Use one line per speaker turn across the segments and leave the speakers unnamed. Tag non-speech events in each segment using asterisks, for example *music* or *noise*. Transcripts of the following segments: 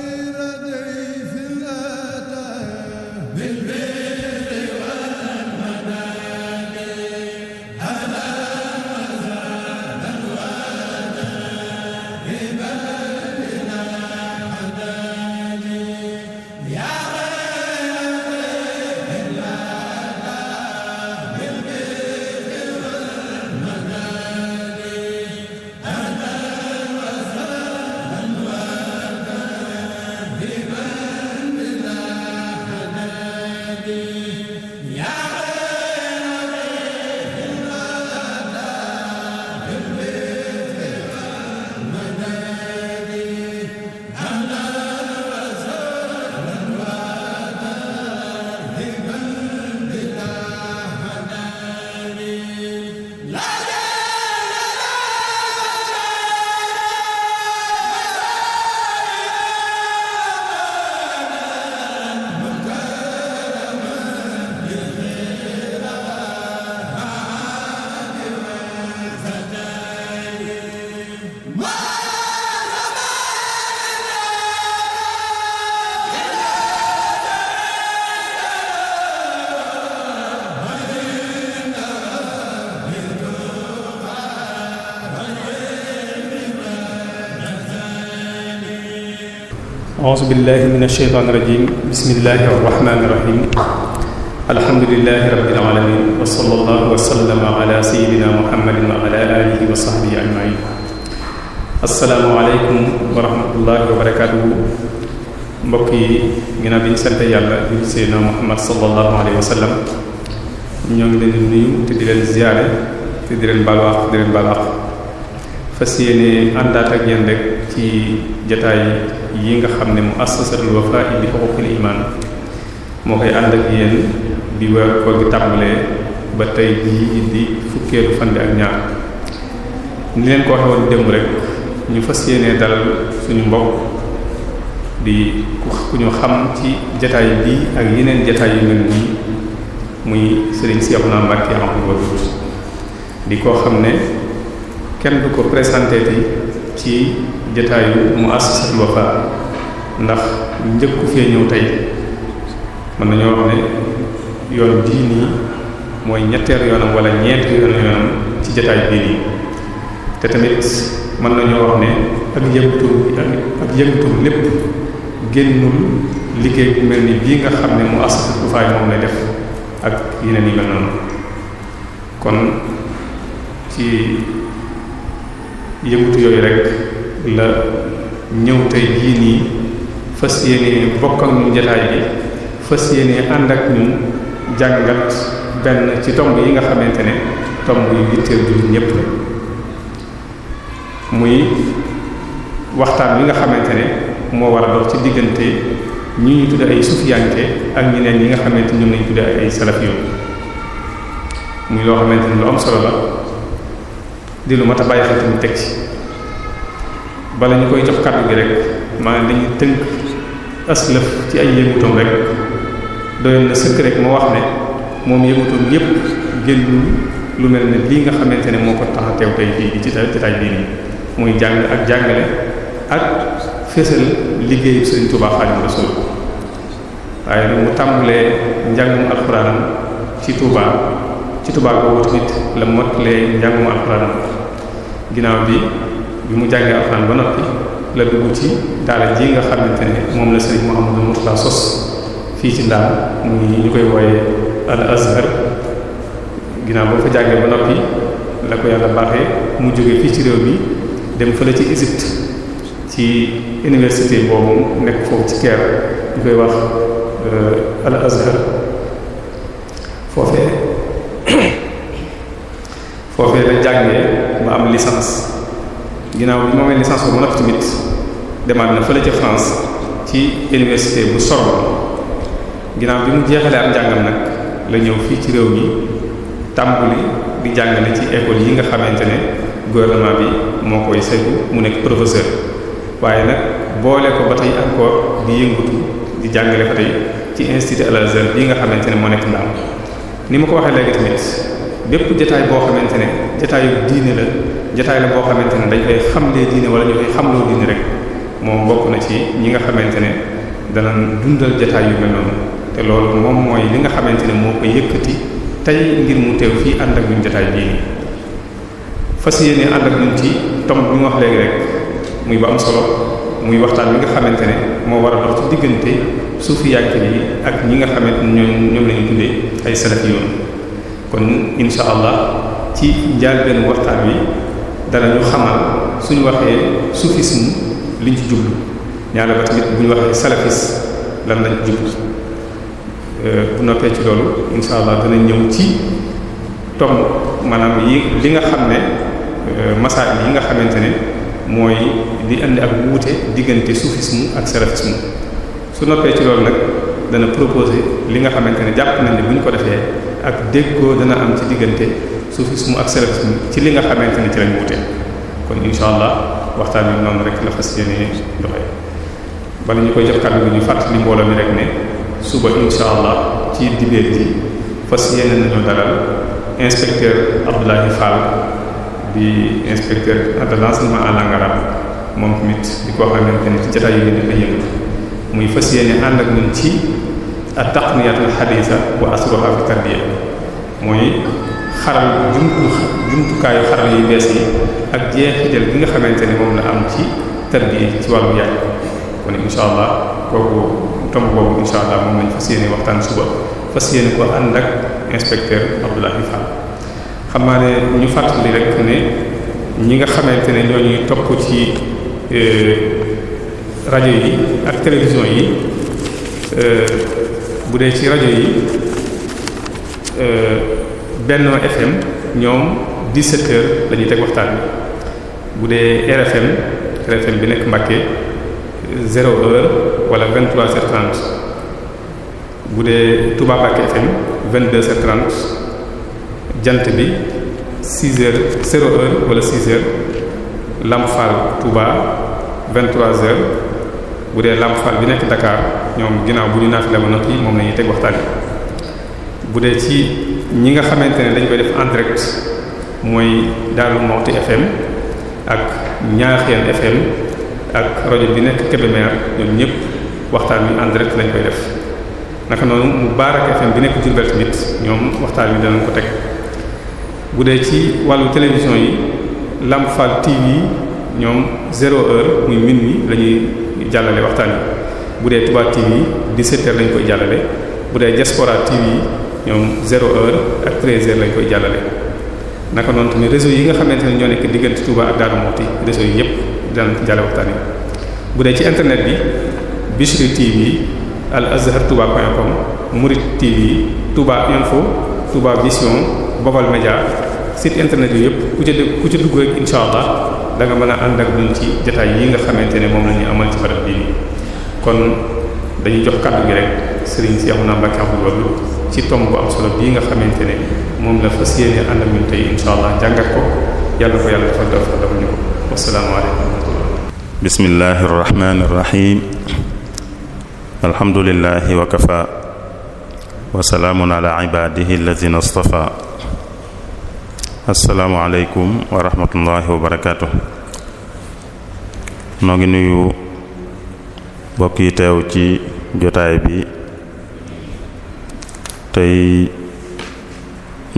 خير دين
auzu billahi min asheytaani rajim bismillahi arrahmani irrahim alhamdulilahi rabbil alamin wa sallallahu wa sallama ala sayidina muhammadin wa ala alihi wa sahbihi ajmain assalaamu aleykum wa rahmatullahi wa barakatuhu mbokk yi ginnaaw bi ñu sant yàlla di seydina muhammad sallallahu alayhi wa sallam ñoo ngi leen di nuyu te di leen ziyaare te di leen baal wax te di leen baal wax fas yéene àndaat ak yéen rek ci jataay yi nga xam ne mu assasatul wafa'i bi xuquqil iman moo koy ànd ak yéen bi weeru koor gi tàmbalee ba tey jii di fukkeelu fan bi ak ñaar ni leen ko waxee woon rek ñu fas yéenee dalal suñu mbokk di ku ñu xam ci jataay bi ak yeneen jataay yu mel nii muy Serigne Cheikhouna Mbacké Abdou Wadoud di koo xam ne kenn du ko présenté ci jataayu mu assasatul wafa ndax njëkku fee ñëw tey mën nañoo wax ne yoon bii nii mooy ñetteelu yoonam wala ñeenti yoonam ci jataay bii nii te tamit mën nañoo wax ne ak yëngatu ak yëngatu lépp génnul liggéey bu mel ni bii nga xam ne mu assasatul wafa moom lay def ak yeneen yi mel noonu kon ci yëngatu yooyu rek la ñëw tey jii nii fas yéene bokk ak ñun jataay bi fas yéene ànd ak ñun jàngat benn ci tomb yi nga xamante ne tomb yu yitteel jullit ñépp la muy waxtaan wi nga xamante ne moo war a dox ci diggante ñi ñu tudde ay sufiyanke ak ñeneen ñi nga xamante ñoom lañu tudde ay salaf muy loo xamante ne lu am solo la di lu mat a bàyyi xel tamit teg ci bala ñu koy jox kàddu gi rek maanaam dañuy tënk aslëf ci ay yëngutoom rek doy na sëkk rek moo wax ne moom yëngutoom yépp génnul lu mel ni lii nga xamante ne moo ko tax a teew tey fii ci jotaay bii nii muy jàng ak jàngale ak fésal liggéeyu Sëriñ Tuubaa Xaadimu Rasuul waaye mu tàmbalee njàngum alxuraanam ci Tuubaa ci Tuubaa boobu tamit la motlee njàngum alxuraanam ginnaaw bi bi mu jàngee alxuraan ba noppi la dugg ci daara ji nga xamante ne moom la sëriñ Mouhamadou Mourtada sos fii ci ndaam muy ñu koy wooyee al azhar ginnaaw boo fa jàngee ba noppi la ko yàlla baaxee mu jóge fii ci réew mi dem fële ci Égypte ci université boobu nekk foofu ci Caire ñu koy wax euh, al azhar foofee *coughs* foofee la jàngee ba am licence ginnaaw bi moomee licence boobu nag tamit demaat na fële ca France ci université bu Sorbonne ginnaaw bi mu jeexalee am njàngam nag la ñëw fii ci réew mi tàmbuli di jàngale ci école yi nga xamante ne gouvernement bi moo koy saytu mu nekk professeur waaye nag boole ko ba tey encore di yëngutu di jàngale fa tey ci institut Al-Azhar bii nga xamante ne moo nekk ndaam ni ma ko waxee léegi tamit bépp jotaay boo xamante ne jotaayu diine la jotaay la boo xamante ne dañ koy xamlee diine wala ñu koy xamloo diine rek moom bokk na ci ñi nga xamante ne danañ dundal jotaay yu mel noonu te loolu moom mooy li nga xamante ne moo ko yëkkati tey ngir mu teew fii ànd ak ñun jotaay bii fas yéene ànd ak ci tomb bi nga wax léegi rek muy am solo muy waxtaan bi nga xamante ne moo war a dox ci diggante suufi yàgg yi ak ñi nga xamante ne ñoom ñoom lañu tuddee ay salaf yoon kon insha allah ci njaal benn waxtaan wi danañu xamal suñu waxee soufisme liñ ci jublu ñaareel ba tamit bu ñu waxee salafis lan lañ jublu euh, bu noppee ci loolu insha allah dana ñëw ci tomb maanaam yi li nga xam ne euh, masail yi nga xamante ne mooy di indi ak wuute diggante soufisme ak salafisme su noppee ci loolu nag dana proposer li nga xamante ne jàpp nañ ne bu ñu ko defee ak déggoo dana am ci diggante soufisme ak salafisme ci li nga xamante ni ci lañ wutee kon incha allah waxtaan bi noonu rek la fas yéene doxee bala ñu koy jox kàddu gi ñu fàttali mbooloo mi rek ne suba incha allah ci dibéer ji fas yéene nañu dalal inspecteur Abdoulaye Fall di inspecteur de l'enseignement en moom tamit di ko xamante ne ci jotaay yu ñu dafay yëngu muy fas yéene ànd ak ñun ci at-taqniyatul haditha wa asruha fi tarbiya mooy xaral jumtukaayu xaral yu bees yi ak jeexital bi nga xamante ne moom la am ci tarbiya ci wàllu yàq kon incha allah kooku tomb boobu incha allah moom lañ fas yéene waxtaan suba fas yéene ko ànd ak inspecteur Abdoulaye Fall xam ne ñu fàttali rek ne ñi nga xamante ne ñoo ñuy topp ci euh, rajo yi ak télévision yi euh, bu dee ci rajo yi. Euh, Benno FM ñoom 17 heures la ñuy teg waxtaan bi bu dee RFM RFM bi nekk Mbacké 0 heure wala 23 heures bu dee Touba Mbacké FM 22 jant bi 6 heures heure wala 6 heures Lamp Fall Touba 23 bu dee Lamp bi nekk Dakar ñoom ginnaaw bu ñu naaf la ba noppi moom lañuy ñuy teg waxtaan bi bu dee ci. ñi nga xamante ne dañ koy def en direct mooy Darou Moukhty FM ak Niakhène FM ak rajo bi nekk Kébémer ñoom ñëpp waxtaan wi en direct lañ koy def naka noonu Moubarak FM bi nekk Diourbel tamit ñoom waxtaan wi danañ ko teg bu dee ci wàllu télévision yi Lamp Fall TV ñoom zéro heure muy minuit la ñuy jàllale waxtaan wi bu dee Touba TV 17 heures lañ koy jàllale bu dee Diaspora TV ñoom zéro heure ak treize heures lañ koy jàllale naka noonu tamit réseau yi nga xamante ne ñoo nekk diggante Touba ak Darou Moukhty réseau yi yëpp daan jàlle waxtaan bu dee ci internet bi Bichri TV al azhar touba point com Murid TV Touba info tubaa vision Bobal Média sit internet yi yëpp ku ca ku ca dugg rek allah da nga mën a ànd ak ñun ci jotaay yi nga xamante ne moom la ñu amal ci barab bii kon dañuy jox kàddu gi rek Serigne Cheikhouna Mbacké Abdou Wahab ci tomb bu am bii nga xamante ne moom la fas yéene ànd ak tey incha allah jàngat ko yàlla ko yàlla defal defal defal ñu ko wasalaamaaleykum wa
rahmatullah bismillahi arrahmani irrahim wa kafa wa salaamun ala ibadihi alladina istafa asalaamualeykum wa rahmatullahi wa barakatuh noo ngi nuyu bokk yi teew ci jotaay bi tey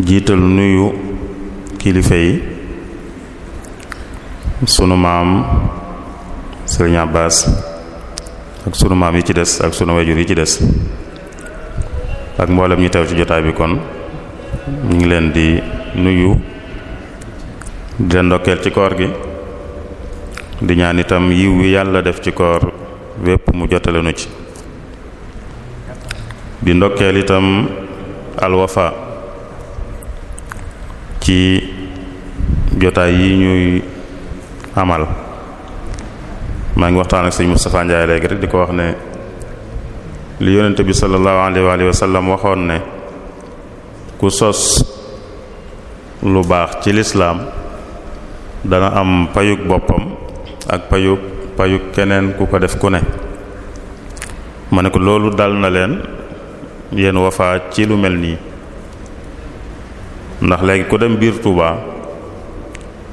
jiital nuyu kilifa yi sunu maam sëriñ Abbas ak sunu maam yi ci des ak sunu wayjur yi ci des ak mboolem ñu teew ci jotaay bi kon ñu ngi leen di nuyu di leen ndokkeel ci koor gi di ñaan itam yiw wi yàlla def ci koor wépp mu jotalenu ci di ndokkeel itam alwafa ci jotaay yi ñuy amal maa ngi waxtaan ak sëñ Moustapha Ndiaye léegi rek di ko wax ne li yonente bi sallallahu alayhi wa sallam waxoon ne ku sos lu baax ci lislaam dana am payug boppam ak payug payug keneen ku ko def ku ne ma ne ko loolu dal na leen yéen Wafa ci lu mel nii ndax léegi ku dem biir Touba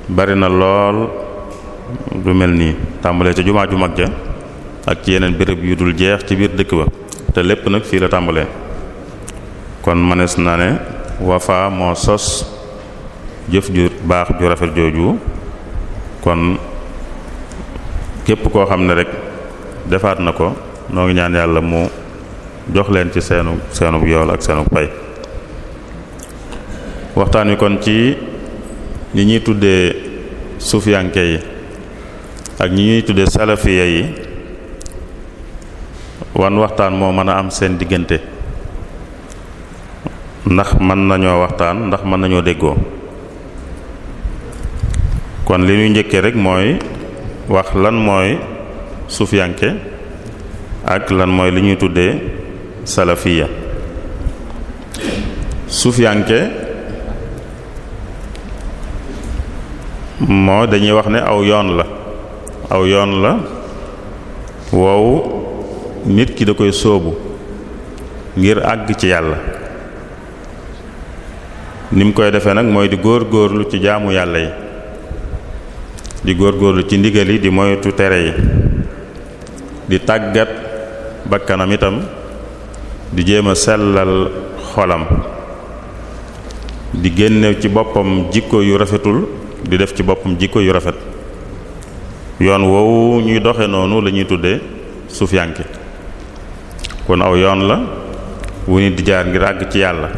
bari na lool lu mel nii tàmbalee ca jumaa ju mag ja ak ci yeneen béréb yu dul jeex ci biir dëkk ba te lépp nag fii la tàmbalee kon mënees naa ne Wafa moo sos jëf ju baax ju rafet jooju kon képp koo xam ne rek defaat na ko noo ngi ñaan yàlla mu jox leen ci seenu seenu yool ak seenu pay waxtaan wi kon ci ñi ñuy tuddee sufiyanke yi ak ñi ñuy tuddee salafiya yi wan waxtaan moo mën a am seen diggante ndax mën nañoo waxtaan ndax mën nañoo déggoo kon li ñuy njëkkee rek mooy wax lan mooy sufiyanke ak lan mooy li ñuy tuddee salafiya sufiyanke moo dañuy wax ne aw yoon la aw yoon la wow nit ki da koy sóobu ngir àgg ci yàlla ni mu koy defee nag mooy di góor góorlu ci jaamu yàlla yi di góor góorlu ci ndigal yi di moytu tere yi di tàggat bakkanam itam di jéem a sellal xolam di génne ci boppam jikko yu rafetul di def ci boppam jikko yu rafet yoon woowu ñuy doxe noonu lañuy ñuy tuddee sufiyanke kon aw yoon la wu nit di jaar ngir àgg ci yàlla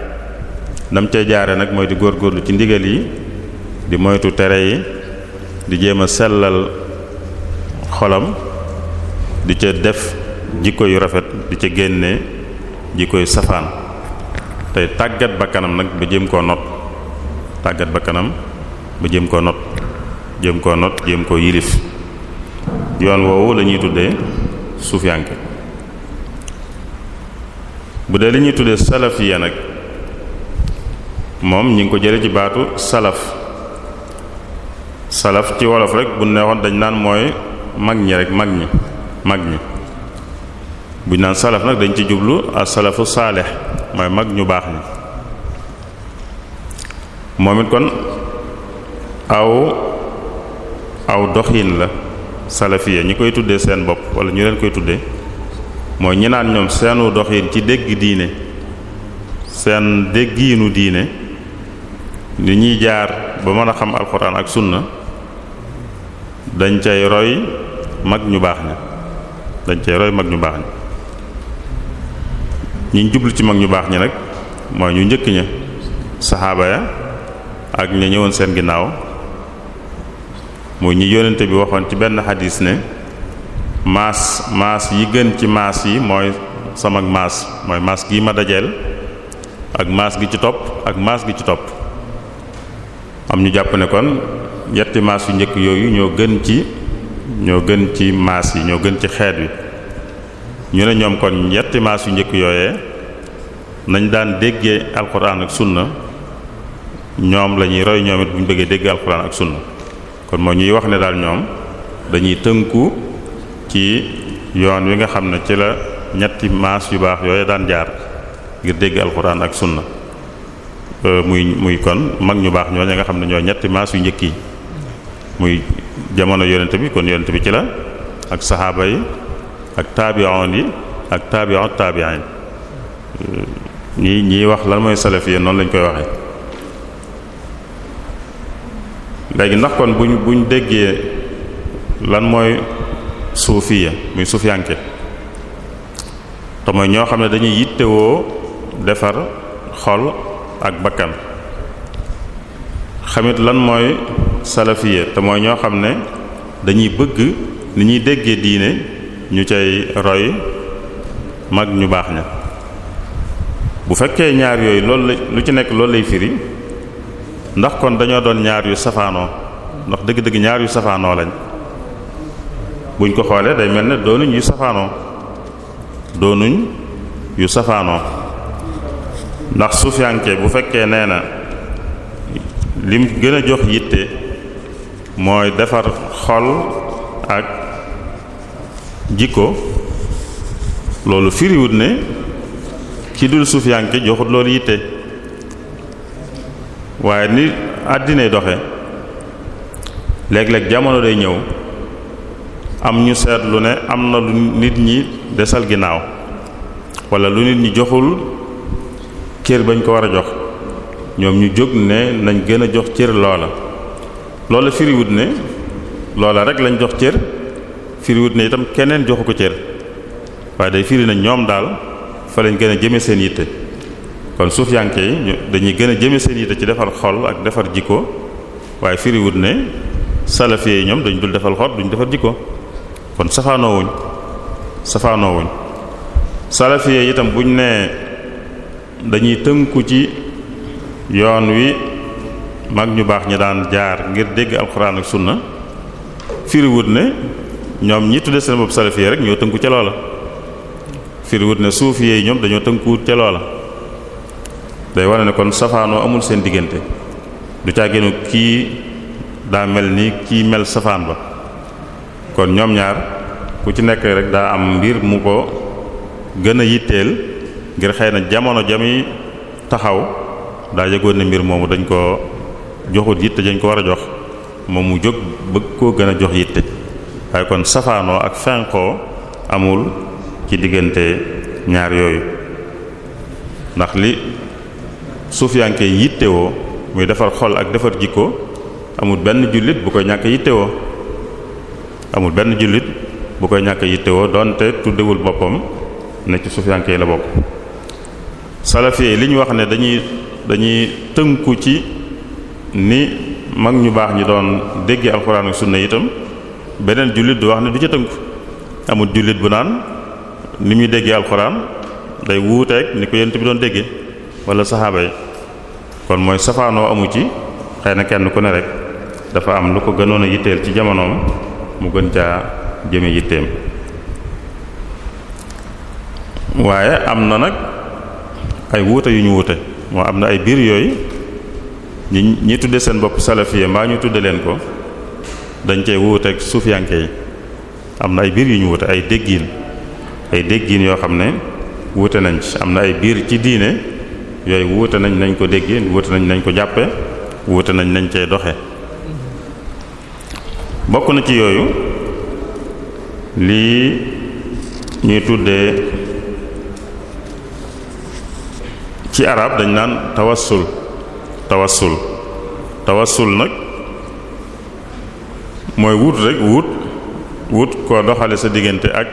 nam cay jaare nag mooy di góorgóorlu ci ndigal yi di moytu tere yi di jéem a sellal xolam di ca def jikko yu rafet di ca génne ji koy safaan tey tàggat bakkanam nag ba jëm koo not tàggat bakkanam ba jëm koo not jëm koo not jëm koo yilif yoon woowu lañuy ñuy tuddee suufiyanke bu dee li ñuy tuddee salafiya nag moom ñi ngi ko jële ci baatu salaf salaf ci wolof rek bu neexoon dañ naan mooy mag ñi rek mag ñi mag ñi bu ñu naan salaf nag dañ ci jublu as-salafu saalih mag ñu baax ñi moom it kon aw aw doxin la salafiya ñi koy tuddee seen bopp wala ñu leen koy tuddee mooy ñi naan ñoom seenu doxin ci dégg diine seen déggiinu diine ni ñuy jaar ba mën a xam alxuraan ak sunna dañ cay roy mag ñu baax ñi dañ cay roy mag ñu baax ñi jublu ci mag ñu baax ñi nag mooy ñu njëkk ña saxaaba ya ak ña ñëwoon seen ginnaaw mooy ñi yonente bi waxoon ci benn xadis ne maas maas yi gën ci maas yi mooy sama maas mooy maas gi ma dajeel ak maas gi ci topp ak maas gi ci topp am ñu jàpp ne kon yetti maas yu njëkk yooyu ñoo gën ci ñoo gën ci maas yi ñoo gën ci xeet wi ñu ne ñoom kon ñetti maas yu njëkk yooye nañ daan déggee alquran ak sunna ñoom lañuy ñuy roy ñoom it bu ñu bëggee dégg alquran ak sunna kon moo ñuy wax ne daal ñoom dañuy tënku ci yoon wi nga xam ne ci la ñetti maas yu baax yooyu daan jaar ngir dégg alquran ak sunna euh, muy muy kon mag ñu baax ñooñu nga xam ne ñoo ñetti maas yu njëkk yi muy jamono yonent bi kon yonent bi ci la ak saxaaba yi ak taabi'un yi ak taabi'un taabi'in ñi ñiy wax lan mooy salafiyya noonu lañ koy waxee léegi ndax kon bu buñ buñ déggee lan mooy suufiyya muy suufiyanke te ñoo xam ne dañuy yittewoo defar xol ak bakkan xamit lan mooy salafiyya te ñoo xam ne dañuy bëgg ni ñuy déggee diine ñu cay roy mag ñu baax ña bu fekkee ñaar yooyu loolu lu ci nekk loolu lay firi ndax kon dañoo doon ñaar yu safaanoo ndax dëgg-dëgg ñaar yu safaanoo lañ buñ ko xoolee day mel ne doonuñ yu safaanoo doonuñ yu safaanoo ndax suufiyanke bu fekkee nee na lim gën a jox yitte mooy defar xol ak jikko loolu firiwut ne ki dul suufiyanke joxut loolu yitte waaye ni àddinay doxe léeg-léeg jamono day ñëw am ñu seetlu ne am na lu nit ñi desal ginnaaw wala lu nit ñi joxul cër bañ ko war a jox ñoom ñu jóg ne nañ gën a jox cër loola loola firiwut ne loola rek lañ jox cër firiwut ne itam keneen joxu ko cër waaye day firi na ñoom daal fa lañ gën a jëme seen yitte kon suufiyanke yi dañuy gën a jëme seen yitte ci defal xol ak defar jikko waaye firiwut ne salafi yi ñoom dañ dul defal xol duñu defar jikko kon safaanoo wuñ safaanoo wuñ salafi yi itam buñ nee dañuy tënku ci yoon wi mag ñu baax ñi daan jaar ngir dégg alxuraan ak sunna firiwut ne ñoom ñi tudde seen bopp salafiyee rek ñoo tënku ca loola firiwut ne suufiyee yi ñoom dañoo tënkuwut ca loola day wane ne kon safaanoo amul seen diggante du càggeenu kii daa mel ni kii mel safaan ba kon ñoom ñaar ku ci nekk rek daa am mbir mu ko gën a yitteel ngir xëy na jamono jami taxaw daa yëgoon ne mbir moomu dañ ko joxut yitte dañ ko war a jox moom mu jóg bëgg koo gën a jox yitte waaye kon safaanoo ak fenqoo amul ci diggante ñaar yooyu ndax li suufiyanke yittewoo muy defar xol ak defar jikko amul benn jullit bu koy ñàkk yittewoo amul benn jullit bu koy ñàkk yittewoo donte tuddewul boppam ne ci suufiyanke yi la bokk salafiyee li ñu wax ne dañuy dañuy tënku ci ni mag ñu baax ñi doon dégge alxuraan ak sunna itam beneen jullit du wax ne du ca tënku amul jullit bu naan ni muy déggee alxuraan day wuuteeg ni ko yent bi doon dégge wala saxaaba yi kon mooy safaanoo amu ci xëy na kenn ku ne rek dafa am lu ko gënoon a yitteel ci jamonoom mu gën caa jëme yitteem waaye am na nag ay wuute yu ñu wuute moo am na ay biir yooyu ñi ñi tuddee seen bopp salafiye mbaa ñu tudde leen ko dañ cee wuuteeg suufiyanke yi am na ay biir yu ñu wuute ay déggiin ay déggiin yoo xam ne wuute nañ ci am na ay biir ci diine yooyu wuute nañ nañ ko déggee wuute nañ nañ ko jàppe wuute nañ nañ cee doxe bokk na ci yooyu lii ñuy tudde ci arab dañ naan tawassul tawassul tawassul nag mooy wut rek wut wut koo doxale sa diggante ak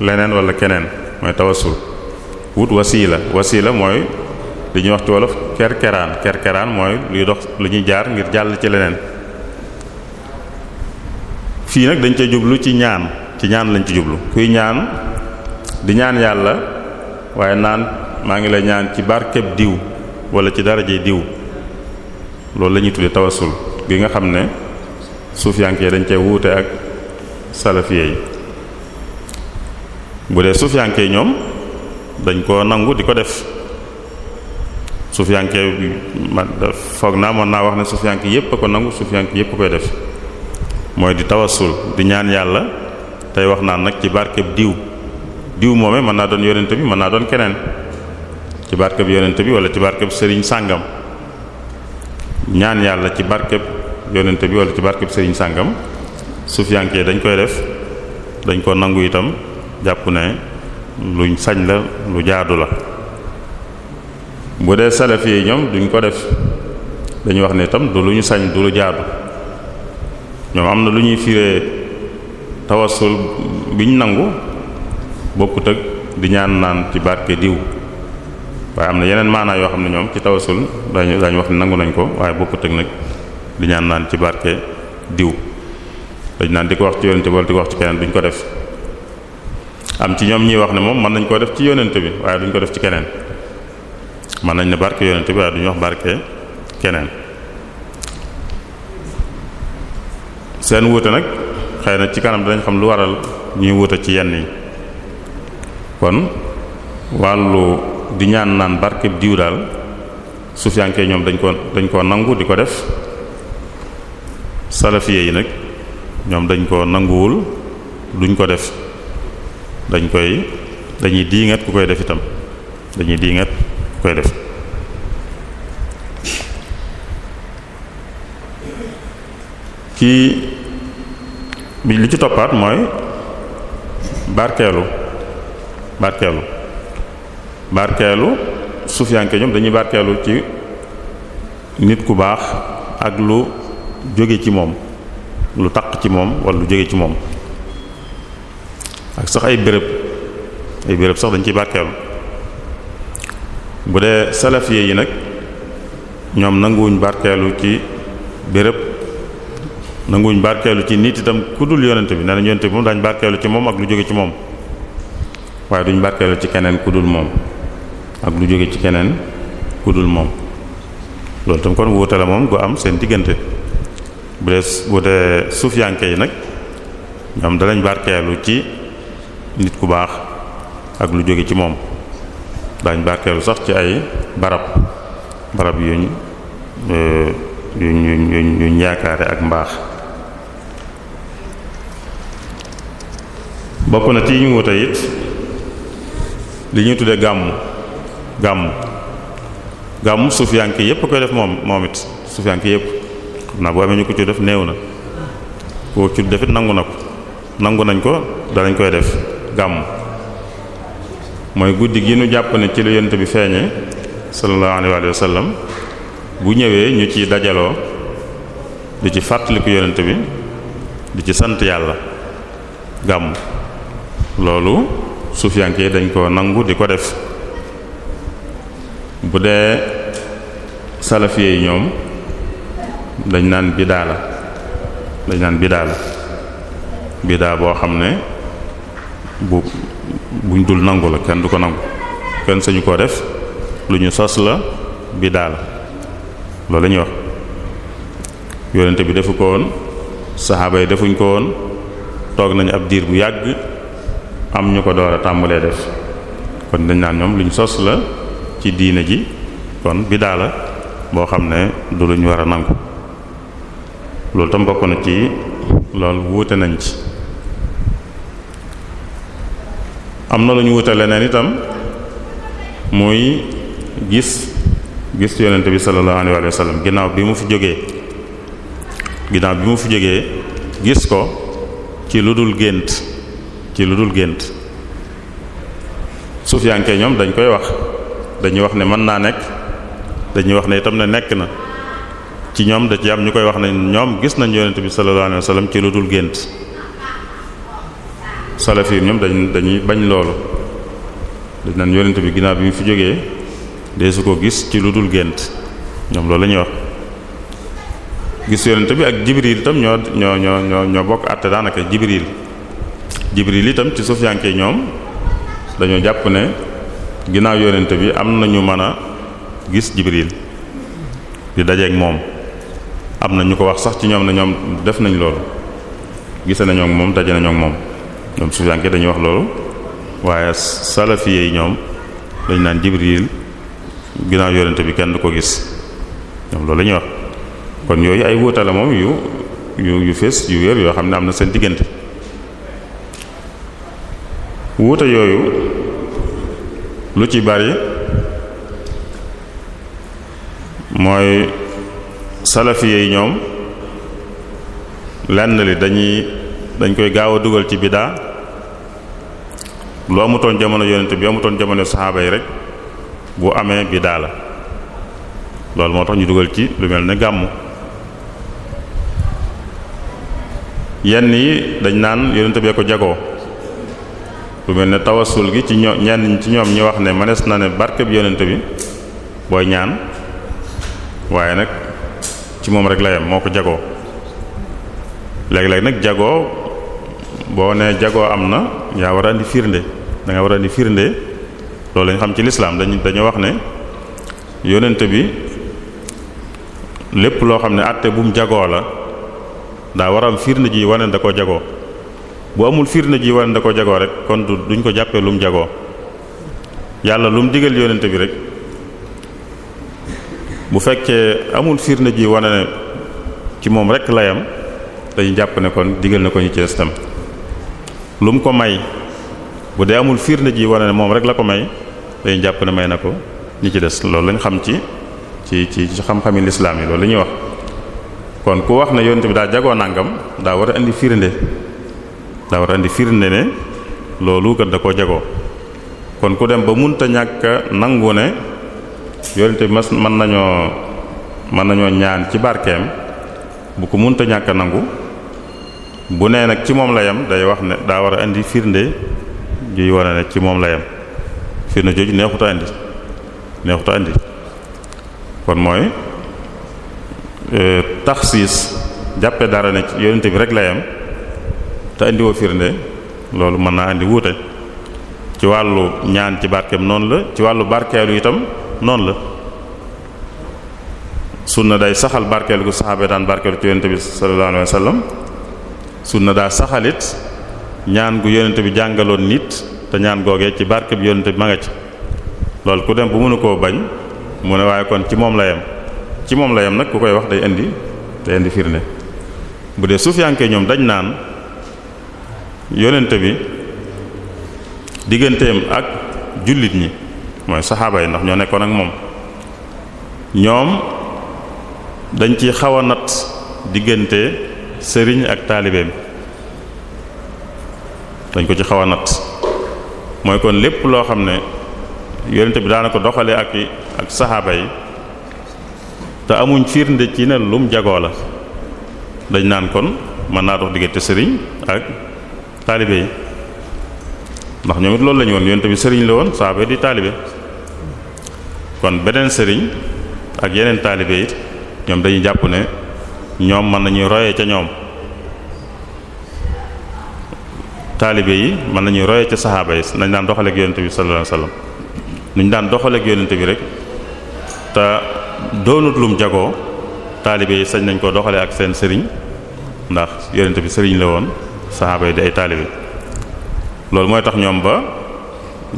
leneen wala keneen mooy tawassul wut wasiila wasiila mooy li ñuy wax ci wolof kerkeraan kerkeraan mooy luy dox lu ñuy jaar ngir jàll ci leneen fii nag dañ ca jublu ci ñaan ci ñaan lañ ci jublu kuy ñaan di ñaan yàlla waaye naan maa ngi lay ñaan ci barkeb diw wala ci daraje diw loolu lañuy ñuy tuddee tawassul bi nga xam ne suufiyanke dañ cee wuute ak salafiye yi bu dee yi ñoom dañ koo nangu di ko def suufiyanke ma foog naa mën naa wax ne suufiyanke yépp a ko nangu suufiyanke yépp koy def mooy di tawassul di ñaan yàlla tey wax naa nag ci barkeb diw diw moome mën naa doon yonent bi mën naa doon keneen ci barkeb yonent bi wala ci barkeb sëriñ sàngam ñaan yàlla ci barkeb yonente bi wala ci barke barkeb sëriñ sàngam sufiyankee dañ koy def dañ ko nangu itam jàpp ne luñ sañ la lu jaadu la bu dee salafi yi ñoom duñ ko def dañu wax ne itam lu ñu sañ du lu jaadu ñoom am na lu ñuy firee tawassul biñ nangu bokkut ak di ñaan naan ci barke diw waaye am na yeneen maanaa yoo xam ne ñoom ci tawassul dañu dañu wax nangu nañ ko waaye bokkut ak nag di ñaan naan ci barke diw dañ naan di ko wax ci yonente bi wala di ko wax ci keneen duñ ko def am ci ñoom ñuy wax ne moom mën nañ koo def ci yonente bi waaye duñ ko def ci keneen mën nañ ne barke yonente bi waaye duñu wax barke keneen seen wuute nag xëy na ci kanam dañ xam lu waral ñuy wuute ci yenn yi kon wàllu di ñaan naan barke bi diw daal sufiyankee ñoom dañ ko dañ koo nangu di ko def salafiye yi nag ñoom dañ ko nanguwul duñ ko def dañ koy dañuy diingat ku koy def itam dañuy diingat ku koy def kii bi li ci toppaat mooy barkeelu barkeelu barkeelu sufiyanke ñoom dañuy barkeelu ci nit ku baax ak lu jóge ci moom lu takk ci moom wala lu jóge ci moom ak sax ay bërëb ay béréb sax dañ ci barkeelu bu dee salafiyé yi nag ñoom nanguwuñ barkeelu ci béréb nanguwuñ barkeelu ci nit itam ku dul yonent bi nee na yonent bi moom daañu barkeelu ci moom ak lu jóge ci moom waaye duñ barkeelu ci keneen ku dul moom ak lu jóge ci keneen ku moom loolu tam kon wuute la moom gu am seen diggante bu dee bu dee yi nag ñoom dalañ barkeelu ci nit ku baax ak lu jóge ci moom dañ barkeelu sax ci ay barab barab yuñ euh, yuñ yuñ yuñ yaakaare ak mbaax bopp na ci ñu wute it li ñuy tuddee gàmmu gàmm gàmm gàmm suufiyanke yépp koy def moom moom it suufiyanke yépp xam naa boo amee ñu ko ci def néew na koo ci defit nangu na ko nangu nañ ko danañ koy def gàmm mooy guddi gi nu jàpp ne ci la yonent bi feeñee sallallahu alayhi wa bu ñëwee ñu ci dajaloo di ci fàttaliku yonent bi di ci sant yàlla gàmm loolu sufiyanke dañ ko nangu di ko def bu dee salafiyee yi ñoom dañ naan bidaa la dañ naan bidaa la bidaa boo xam ne bu buñ dul nangu la kenn du ko nangu kenn sañu koo def lu ñu sos la bidaa la loolu la wax yonente bi defu ko woon saxaaba yi defuñ ko woon toog nañu ab diir bu yàgg am ñu ko door a tàmbalee def kon dañ naan ñoom lu ñu sos la ci diine ji kon bidaa la boo xam ne du lu ñu war a nangu loolu tam bokk na ci lool wuute nañ ci am na lu ñu wuute leneen itam muy gis gis yonent bi sallallahu alayhi wa sallam ginnaaw bi mu fi jógee ginnaaw bi fi jógee gis ko ci lu dul gént ci lu dul gént suufiyankee ñoom dañ koy wax dañuy wax ne mën naa nekk dañuy wax ne itam ne nekk na ci ñoom da ci am ñu koy wax ne ñoom gis nañ yonent bi sallallahu alayhi wasallam ci lu gént salafi ñoom dañ dañuy bañ loolu dañ naan yonent bi ginnaaw bi mu fi jógee dee su ko gis ci lu gént ñoom loolu la ñuy gis yonent bi ak jibril itam ñoo ñoo ñoo bokk àtte daanaka jibril jibril itam ci sufiyanke ñoom dañoo jàpp ne ginnaaw yonent bi am nañu mën a gis jibril di dajeeg moom am na ñu ko wax sax ci ñoom ne ñoom def nañ loolu gise nañoo moom daje nañoo moom ñoom sufiyanke dañuy wax loolu waaye salafiyee yi ñoom dañ naan jibril ginnaaw yonente bi kenn du ko gis ñoom loolu la ñuy wax kon yooyu ay wuute la moom yu yu yu fees yu wér yoo xam ne am na seen diggante wuute yooyu lu ci bari mooy salafiye yi ñoom lenn li dañuy dañ koy gaaw a dugal ci bidaa lu amutoon jamono yonent bi amutoon jamono saxaaba yi rek bu amee bidaa la loolu moo tax ñu dugal ci lu mel ne gàmmu yenn yi dañ naan yonent bee ko jagoo lu mel ni tawasul gi ci ñoo ñenn ci ñoom ñu wax ne mënees na ne barkeb yonent bi booy ñaan waaye nag ci moom rek la yem moo ko jagoo léeg-léeg nag jagoo boo nee jagoo am na yaa war a andi firnde da nga war a andi firnde loolu lañ xam ci lislaam dañu dañoo wax ne yonent bi lépp loo xam ne àtte bu mu jagoo la daa war am firnde ji wane da ko jagoo bu amul firnde ji wane da ko jagoo rek kon duñ ko jàppee lu mu jagoo yàlla lu mu digal yonent bi rek. bu fekkee amul fiir firnde ji wane ne ci moom rek la yam dañu jàpp ne kon digal na ko ñu ci des tam lu ko may bu dee amul fiir firnde ji wane ne moom rek la ko may dañu jàpp ne may na ko ñi ci des loolu lañ xam ci ci ci xam-xami lislaam yi loolu la ñuy wax kon ku wax ne yonent bi daa jagoo nangam daa war a indi firnde daa war a indi firnde ne loolu kat da koo jagoo kon ku dem ba munta ñàkk nangu ne yonente bi mas mën nañoo mën nañoo ñaan ci barkeem bu ko munta ñàkk a nangu bu nee nag ci moom la yem day wax ne daa war a indi firnde juy wane ne ci moom la yem firnde jooju neexuta indi neexuta indi kon mooy e, taxsiis jàppe dara ne ci yonente bi rek la yem te indiwoo firnde loolu mën naa indi wuute ci wàllu ñaan ci barkeem noonu la ci wàllu barkeelu itam noonu la na day saxal barkeelu gu saxaaba daan barkeelu ci yonente bi sallallahu alayhi wasallam sunna daa saxalit ñaan gu yonente bi jàngaloon nit te ñaan googee ci barke bi yonente bi ma nga ci loolu ku dem bu mënu koo bañ mu ne waaye kon ci moom la yem ci moom la yem nag ku koy wax day indi day indi firnde bu dee suufiyanke ñoom dañ naan yonente bi digganteem ak jullit ñi mooy saxaaba yi ndax ñoo nekkoon ak moom ñoom dañ ci xaw a nat diggante sëriñ ak taalibeem dañ ko ci xaw a nat mooy kon lépp loo xam ne yonent bi daana ko doxalee ak ak saxaaba yi te amuñ firnde ci ne lum jagoo la dañ naan kon mën naa dox diggante sëriñ ak taalibe yi ndax ñoom it loolu lañu woon yonent bi sëriñ la woon saaba di taalibe kon beneen sëriñ ak yeneen taalibe it ñoom dañuy jàpp ne ñoom mën nañuy royee ca ñoom taalibe yi mën nañuy royee ca saxaaba yi nañ daan doxaleeg yonent bi sallallahu alayhi wasallam nuñ daan doxaleeg yonent bi rek te doonut lum jagoo taalibe yi sañ nañ ko doxalee ak seen sëriñ ndax yonent bi sëriñ la woon saxaaba yi di ay taalibe loolu mooy tax ñoom ba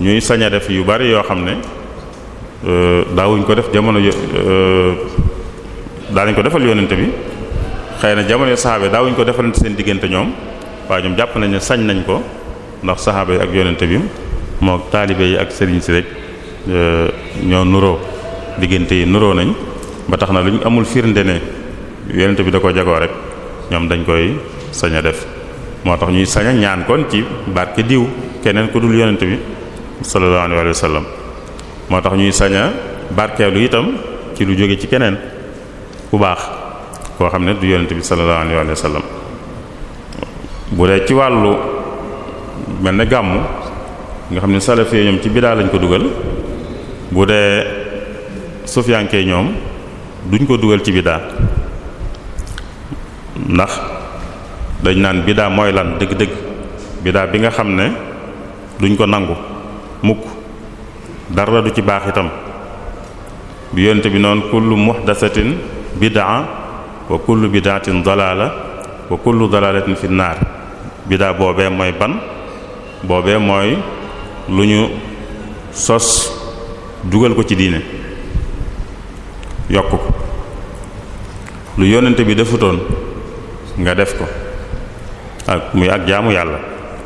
ñuy sañ a def yu bari yoo xam ne euh, daawuñ ko def jamono euh, daanañ ko defal yonente bi xëy na jamono saxaaba daawuñ ko defalante seen diggante ñoom waaye ñoom jàpp nañ ne sañ nañ ko ndax saxaaba yi ak yonent bi moo taalibe yi ak sëriñ si rek euh, ñoo nuroo diggante yi nuroo nañ ba tax na lu ñu amul firnde ne yonente bi da ko jagoo rek ñoom dañ koy sañ a def moo tax ñuy sañ ñaan kon ci barke diw keneen ku dul yonent bi sallallahu alayhi wa sallam moo tax ñuy sañ a barkeelu itam ci lu jóge ci keneen ku baax koo xam ne du yonent bi sallallahu alayhi wa sallam bu dee ci wàllu mel ne gàmmu nga xam ne salafiyee ñoom ci bidaa lañ ko dugal bu dee sufiyankee ñoom duñ ko dugal ci bidaa ndax dañ naan bidaa mooy lan dëgg-dëgg bidaa bi nga xam ne duñ ko nangu mukk dara du ci baax itam bi yonte bi noon kullu muhdasatin bidaa wa kullu bidaatin dalaala wa kullu dalaalatin fi naar bidaa boobee mooy ban boobee mooy lu ñu sos dugal ko ci diine yokk ko lu yonente bi defutoon nga def ko ak muy ak jaamu yàlla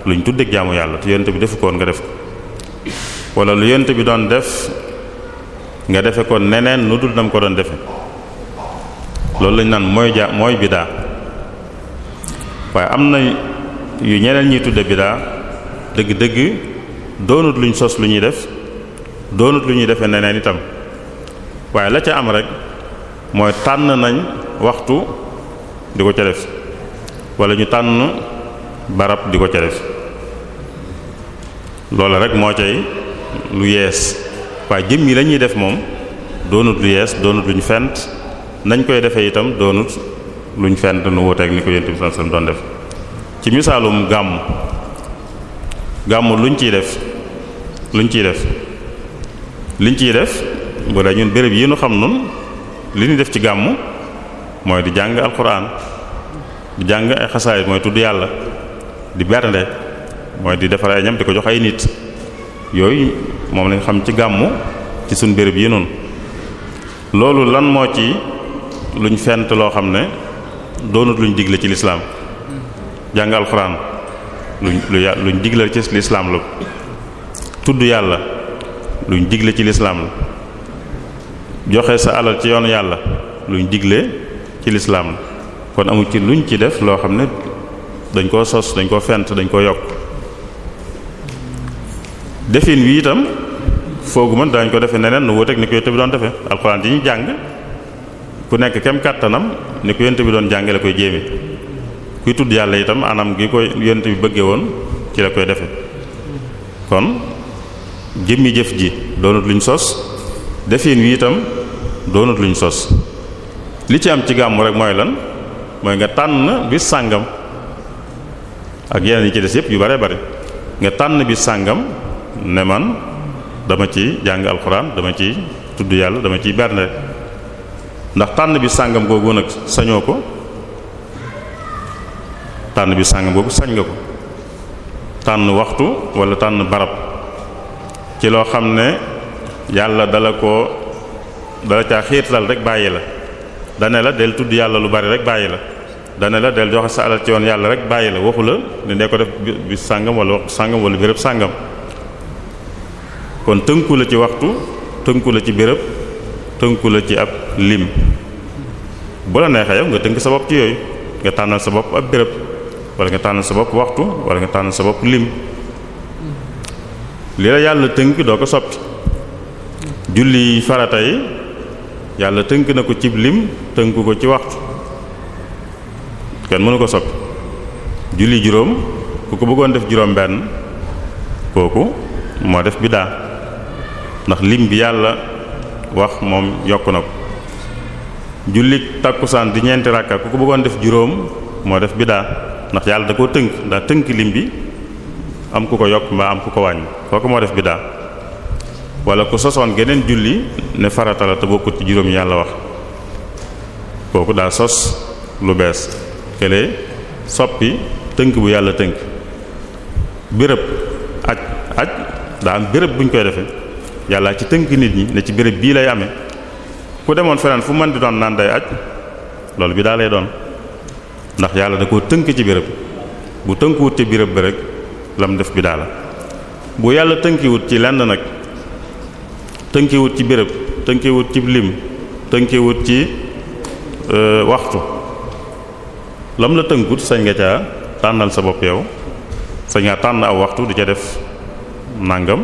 lu ñu ak jaamu yàlla te yonent bi defu ko nga def ko wala lu yonent bi doon def nga defe ko neneen nu dul nam ko doon defe loolu lañ naan mooy ja mooy bidaa waaye am na yu ñeneen ñiy tudde bidaa dëgg-dëgg doonut luñ sos lu ñuy def doonut lu ñuy defe neneen itam waaye la ca am rek mooy tànn nañ waxtu di ko ca def wala ñu tànn barab di ko ca def loola rek moo cay lu yees waaye jëm yi la def moom doonut lu yees doonut luñ fent nañ koy defee itam doonut luñ fent nu wuuteeg ni ko yonent bi sallallahu alayhi wasallam def ci misaalum gàmm gàmm luñ ciy def luñ ciy def liñ ciy def bu dee ñun béréb yi nu xam nun li ñu def ci gàmm mooy di jàng alxuraan di jàng ay xasaay mooy tudd yàlla di bernde mooy di defar ay ñam di ko jox ay nit yooyu moom lañ xam ci gàmmu ci suñ béréb yi noonu loolu lan moo ci luñ fent loo xam ne doonut luñ digle ci lislaam jàng alxuraan luñ luñ digle ci lislaam la tudd yàlla luñ digle ci lislaam la joxe sa alal ci yoonu yàlla luñ digle ci lislaam la kon amul ci luñ ci def loo xam ne dañ koo sos dañ koo fent dañ koo yokk defin wi itam foogu man daañ ko defee neneen nu wuuteeg ni ko yonte bi doon defee alxuraan ji ñu jàng ku nekk kem kàttanam ni ko yonte bi doon jàngale koy jéeme kuy tudd yàlla itam anam gi ko yonte bi bëggee woon ci la koy defe kon jëmmi jëf ji doonut luñ sos defin wi itam doonut luñ sos li ci am ci gàmmu rek mooy lan mooy nga tànn bis sàngam ak yeneen yi ci des yëpp yu bare bare nga tànn bi sàngam ne man dama ci jàng alxuraan dama ci tudd yàlla dama ci bernde ndax tànn bi sàngam googu nag sañoo ko tànn bi sàngam googu sañ nga ko tànn waxtu walla tànn barab ci loo xam ne yàlla dala ko dala caa xiirtal rek bàyyi la dane la del tudd yàlla lu bari rek bàyyi la dana la del joxe sa alal ci yoon yàlla rek bàyyi la waxu la ne dee ko def bi sàngam wala waxtu sàngam wala béréb sàngam kon tënku la ci waxtu tënku la ci béréb tënku la ci ab lim bu la neexee nga tënk sa bopp ci yooyu nga tànnal sa bopp ab béréb wala nga tànnal sa bopp waxtu wala nga tànnal sa bopp lim li la yàlla tënk doo ko soppi julli farata yi yàlla tënk na ko cib lim tënku ko ci waxtu kenn mënu ko soppi julli juróom ku ko bëggoon def juróom benn kooku moo def biddaa ndax lim bi yàlla wax moom yokk na ko julli takkusaan di ñeenti rakka ku ko bëggoon def juróom moo def biddaa ndax yàlla da koo tënk daa tënk lim bi am ku ko yokk mbaa am ku ko wàññi kooku moo def biddaa walla ku sosoon geneen julli ne farata la te bokkut ci juróom yàlla wax kooku daa sos lu bees kële soppi tënk bu yàlla tënk béréb aj aj daa am béréb bu ñu koy defee yàlla ci tënk nit ñi ne ci béréb bii lay ame ku demoon feneen fu mën di doon naan day aj loolu bi daa lay doon ndax yàlla da koo tënk ci béréb bu tënkuwut ci béréb bi rek lam def bi daa la bu yàlla tënkiwut ci lenn nag tënkiwut ci béréb tënkiwut ci lim tënkiwut ci euh, waxtu lam la tënkut sañ nga caa tànnal sa bopp yow sañ nga tànn aw waxtu di ca def nangam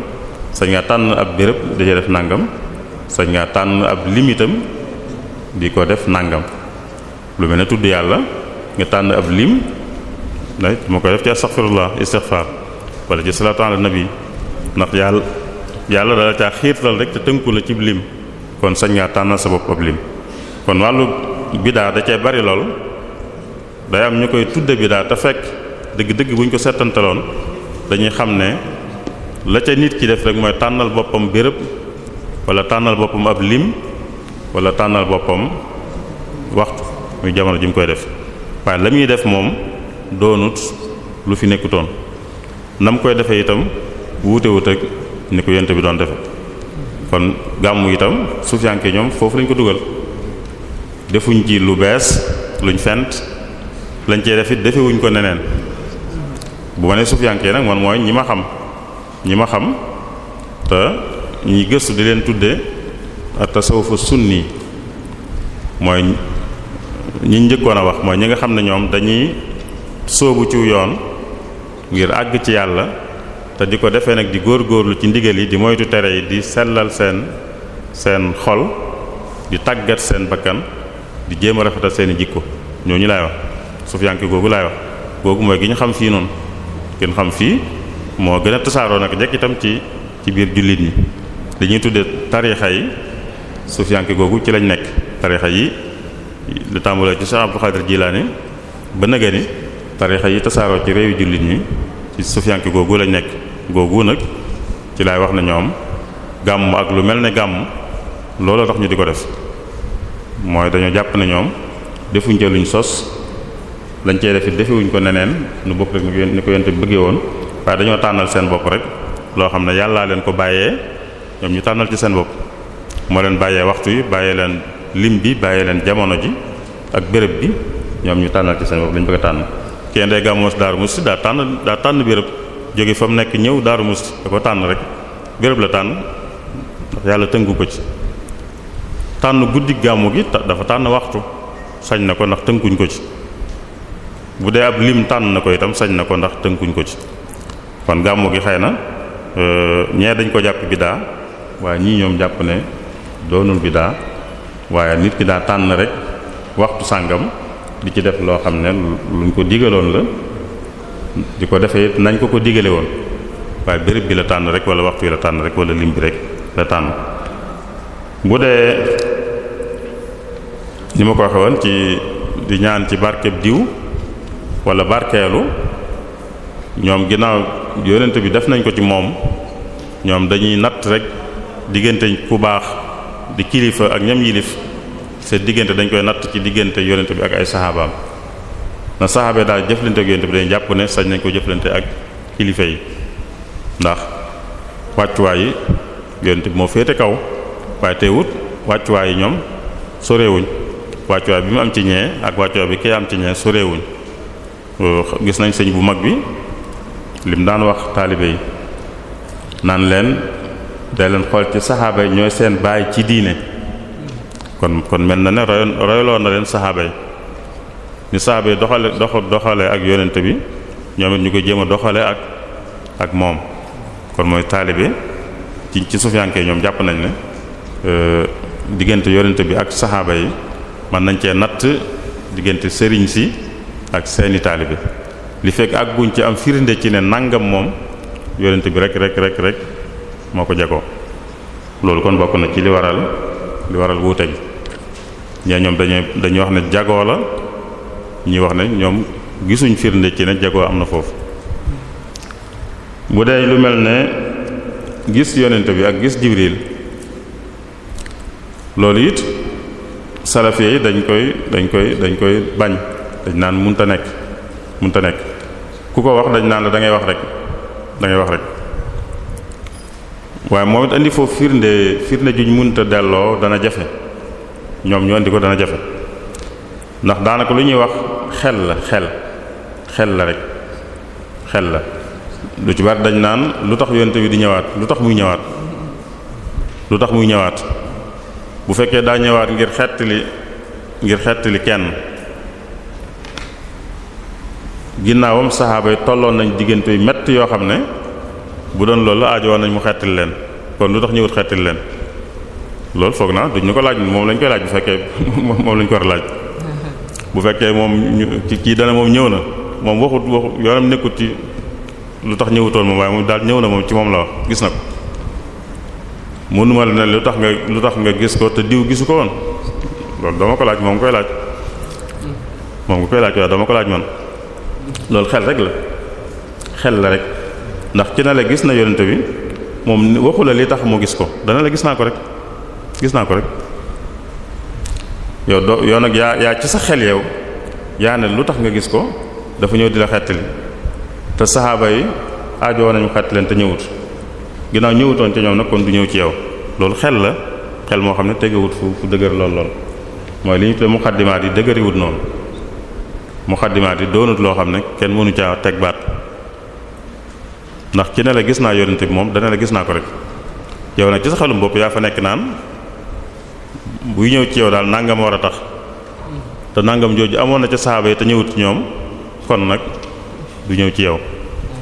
sañ nga tànn ab béréb di ca def nangam sañ nga tànn ab limitam di ko def nangam lu mel ne tudd yàlla nga tànn ab lim day ma ko def ci astaghfirullah istighfar wala ci salatu ala nabi ndax yàlla yàlla dala caa lal rek te tënku la cib lim kon sañ ngaa tànnal sa bopp ab lim kon wàllu bidaa da cee bari lool day am ñu koy tudde bi te fekk dëgg-dëgg bu ñu ko settantaloon dañuy xam ne la ca nit ki def rek mooy tànnal boppam béréb wala tànnal boppam ab lim walla tànnal boppam waxtu muy jamono ji mu koy def waaye la muy def moom doonut lu fi nekkutoon na koy defee itam wuute wut ak ni ko yent bi doon defe kon gàmmu itam suufiyanke ñoom foofu lañ ko dugal defuñ ci lu bees luñ fent lañ cee def it defewuñ ko neneen bu ma nee sufiyankee nag man mooy ñi ma xam ñi ma xam te ñi gëstu di leen tuddee at tasawufu sunni mooy ñi njëkkoon a wax mooy ñi nga xam ne ñoom dañuy soobu ci yoon ngir àgg ci yàlla te di ko defee nag di góor góorgóorlu ci ndigal yi di moytu tere yi di sellal seen seen xol di tàggat seen bakkan di jéem a rafetal seeni jikko ñoo ñu laay wax sufiyanke googu laay wax googu mooy gi xam fii noonu gën xam fii moo gën a tasaaroo nag jekk itam ci ci biir jullit yi dañuy tuddee tarixa yi sufiyanke googu ci lañ nekk tarixa yi lu tàmbalee ci Cheikh Abdou Khadir Jilani yi tasaaroo ci réewi jullit yi ci sufiyanke googu lañ nekk googu nag ci lay wax na ñoom gàmm ak lu mel ne gàmm looloo tax ñu di ko def mooy dañoo jàpp ne ñoom defuñ ca luñ sos lañ cey def it defewuñ ko neneen nu bokk rek ni ko yonte bëggee woon waaye dañoo tànnal seen bopp rek loo xam ne yàllaa leen ko bàyyee ñoom ñu tànnal ci seen bopp moo leen bàyyee waxtu yi bàyyee leen lim bi bàyyee leen jamono ji ak béréb bi ñoom ñu tànnal ci seen bopp lañ bëgg a tànn kenn day gàmmoos Daaru Musti daa tànn daa tànn béréb jóge fa mu nekk ñëw Daaru Musti da ko tànn rek béréb la tànn ndax yàlla tëngu ko ci tànn guddi gàmmu gi dafa tànn waxtu sañ na ko ndax tënkuñ ko ci bu dee ab lim tànn na ko itam sañ na ko ndax tënkuñ ko ci kon gàmmu gi xëy na euh, ñee dañ ko jàpp biddaa waaye ñii ñoom jàpp ne doonul biddaa waaye nit ki daa tànn rek waxtu sàngam di ci def loo xam ne luñ ko digaloon la di ko defee nañ ko ko digale woon waaye béréb bi la tànn rek wala waxtu yi la tànn rek walla lim bi rek la tànn bu dee ni ma ko waxee woon ci di ñaan ci barkeb diw wala barkeelu ñoom ginnaaw yonent bi def nañ ko ci moom ñoom dañuy natt rek diggante ku baax di kilifa ak ñam yilif seen diggante dañ koy natt ci diggante yonent bi ak ay saxaabaam na saxaabee daal jëflante ak yonent bi dañ jàpp ne sañ nañ ko jëflante ak kilifa yi ndax wàccuwaay yi yonent bi moo féete kaw waaye teewut wàccuwaay yi ñoom sorewuñ wàccuwaay bi mu am ci ñee ak wàccuwaay bi kay am ci ñee soreewuñ Euh, gis nañ sëñ bu mag bi lim daan wax taalibe yi naan leen day leen xool ci saxaaba yi ñooy seen baay ci diine kon kon mel na ne roy na leen saxaaba yi ni saxaaba yi doxale dox doxale ak yonent bi ñoom it ñu ko jéem a doxale ak ak moom kon mooy taalibe ci ci sufiyanke ñoom jàpp nañ ne euh, diggante yonent bi ak saxaaba yi mën nañ cee natt diggante sëriñ si ak seeni taalibe li fekk ak guñ ci am firnde ci ne nangam moom yonent bi rek rek rek rek moo ko jago loolu kon bokk na ci li waral li waral wuute gi ñee ñoom dañuy dañuy wax ne jagoo la ñuy wax ne ñoom gisuñ firnde ci ne jagoo am na foofu bu dee lu mel ne gis yonent bi ak gis jibril loolu it salafee yi dañ koy dañ koy dañ koy bañ dañ naan munta nekk munta nekk ku ko wax dañ naan la da wax rek da ngay wax rek waaye moom it indi foofu firnde firnde juñ munta delloo dana jafe ñoom ñu indi ko dana jafe ndax daanaka lu ñuy wax xel la xel xel la rek xel la lu ci bari dañ naan lu tax yonent bi di ñëwaat lu tax muy ñëwaat lu tax muy ñëwaat bu fekkee daa ñëwaat ngir xettali ngir xettali kenn ginnaawam saxaaba yi tolloon nañ diggante yu métti yoo xam ne bu doon loolu aajo woon nañ mu xettil leen kon lu tax ñëwut xettil leen loolu foog naa du ñu ko laaj moom lañ koy laaj bu fekkee *laughs* moom lañ ko war laaj. bu fekkee moom ñu kii moom ñëw na moom waxut waxu yoonam nekkut ci lu tax ñëwutoon moom waaye moom daal ñëw na moom ci moom la wax gis na ko tax nga lu tax nga gis ko te diw gisu ko woon loolu laaj moom nga koy laaj. Hmm. moom nga koy laaj waaye dama ko laaj man. loolu xel rek la xel la rek ndax ci na la gis na yonent bi moom waxu la li tax mu gis ko dana la gis naa ko rek gis naa ko rek yow doo yow nag yaa yaa ci sa xel yow yaa ne lu tax nga gis ko dafa ñëw di la xettali te saxaaba yi aajoo nañu xettaleen te ñëwut ginnaaw ñëwutoon ci ñoom nag koon du ñëw ci yow loolu xel la xel moo xam ne tegewut fu fu dëgër lool lool mooy li ñu te muqaddimaat yi dëgëriwut noonu muxaddimaat yi doonut loo xam ne kenn mënu caa teg baat ndax ki ne la gis naa yonent bi moom dana la gis naa ko rek yow nag ci sa xelum bopp yaa fa nekk naan buy ñëw ci yow daal nangam war a tax te nangam jooju amoon na ca saaba yi te ñëwut ci ñoom kon nag du ñëw ci yow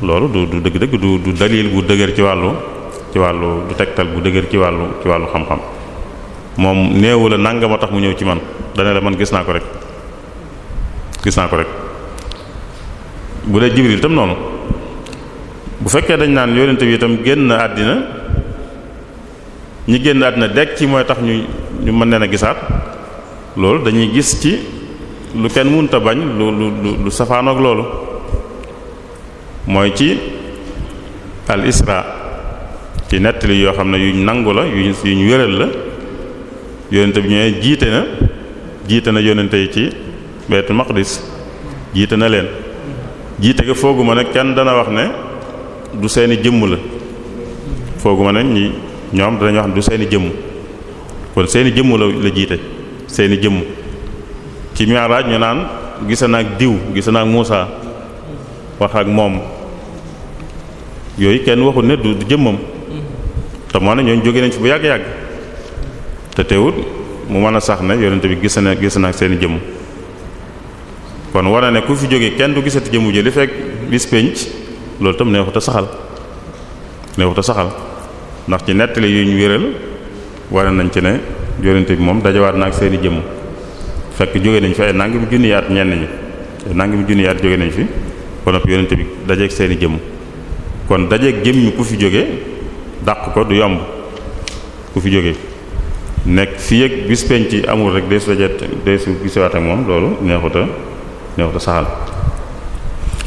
loolu du du dëgg-dëgg du du dalil bu dëgër ci wàllu ci wàllu du tegtal bu dëgër ci wàllu ci wàllu xam-xam moom néewu la nangam a tax mu ñëw ci man dana la man gis naa ko rek gis naa ko rek bu dee jibril itam noonu bu fekkee dañ naan yonent bi itam génn àddina ñi génn àddina dekk ci mooy tax ñu ñu mën leen gisaat loolu dañuy gis ci lu kenn munta bañ lu lu lu safaanoog loolu mooy ci al isra ci nettali yoo xam ne yuñ nangu la yuñ yuñ wéral la yonente bi ñëwee jiite na jiite na yonente yi ci baytul maqdis jiite na leen jiite ga fooguma ne kenn dana wax ne du seeni jëmm la fooguma ne ñi ñoom danañ wax ne du seeni jëmm kon seeni jëmm la la jiite seeni jëmm ci mi'raj ñu naan gise naag diw gise naag Muusa wax ak moom yooyu kenn waxul ne du jëmmam te moo ne ñooñu jóge nañ fi bu yàgg-yàgg te teewut mu mën a sax ne yonente bi gis na gis na ak seeni jëmm kon war a ne ku fi jógee kenn du gisati jëmu ji li fekk bis penc loolu tam neexut a saxal neexut saxal ndax ci nettali yu ñu wéral war nañ ci ne yonent bi moom dajawaat na ak seeni jëmm fekk jóge nañ fi ay nangam junni at ñenn ñi ay nangam junni jóge nañ fi ba noppi yonent bi dajeeg seeni jëmm kon dajeeg jëmmi ku fi jóge dàq ko du yomb ku fi jóge nekk fi yëg bis penc amul rek deesu daje deesu gisewaat ak moom loolu neexuta ñoo ko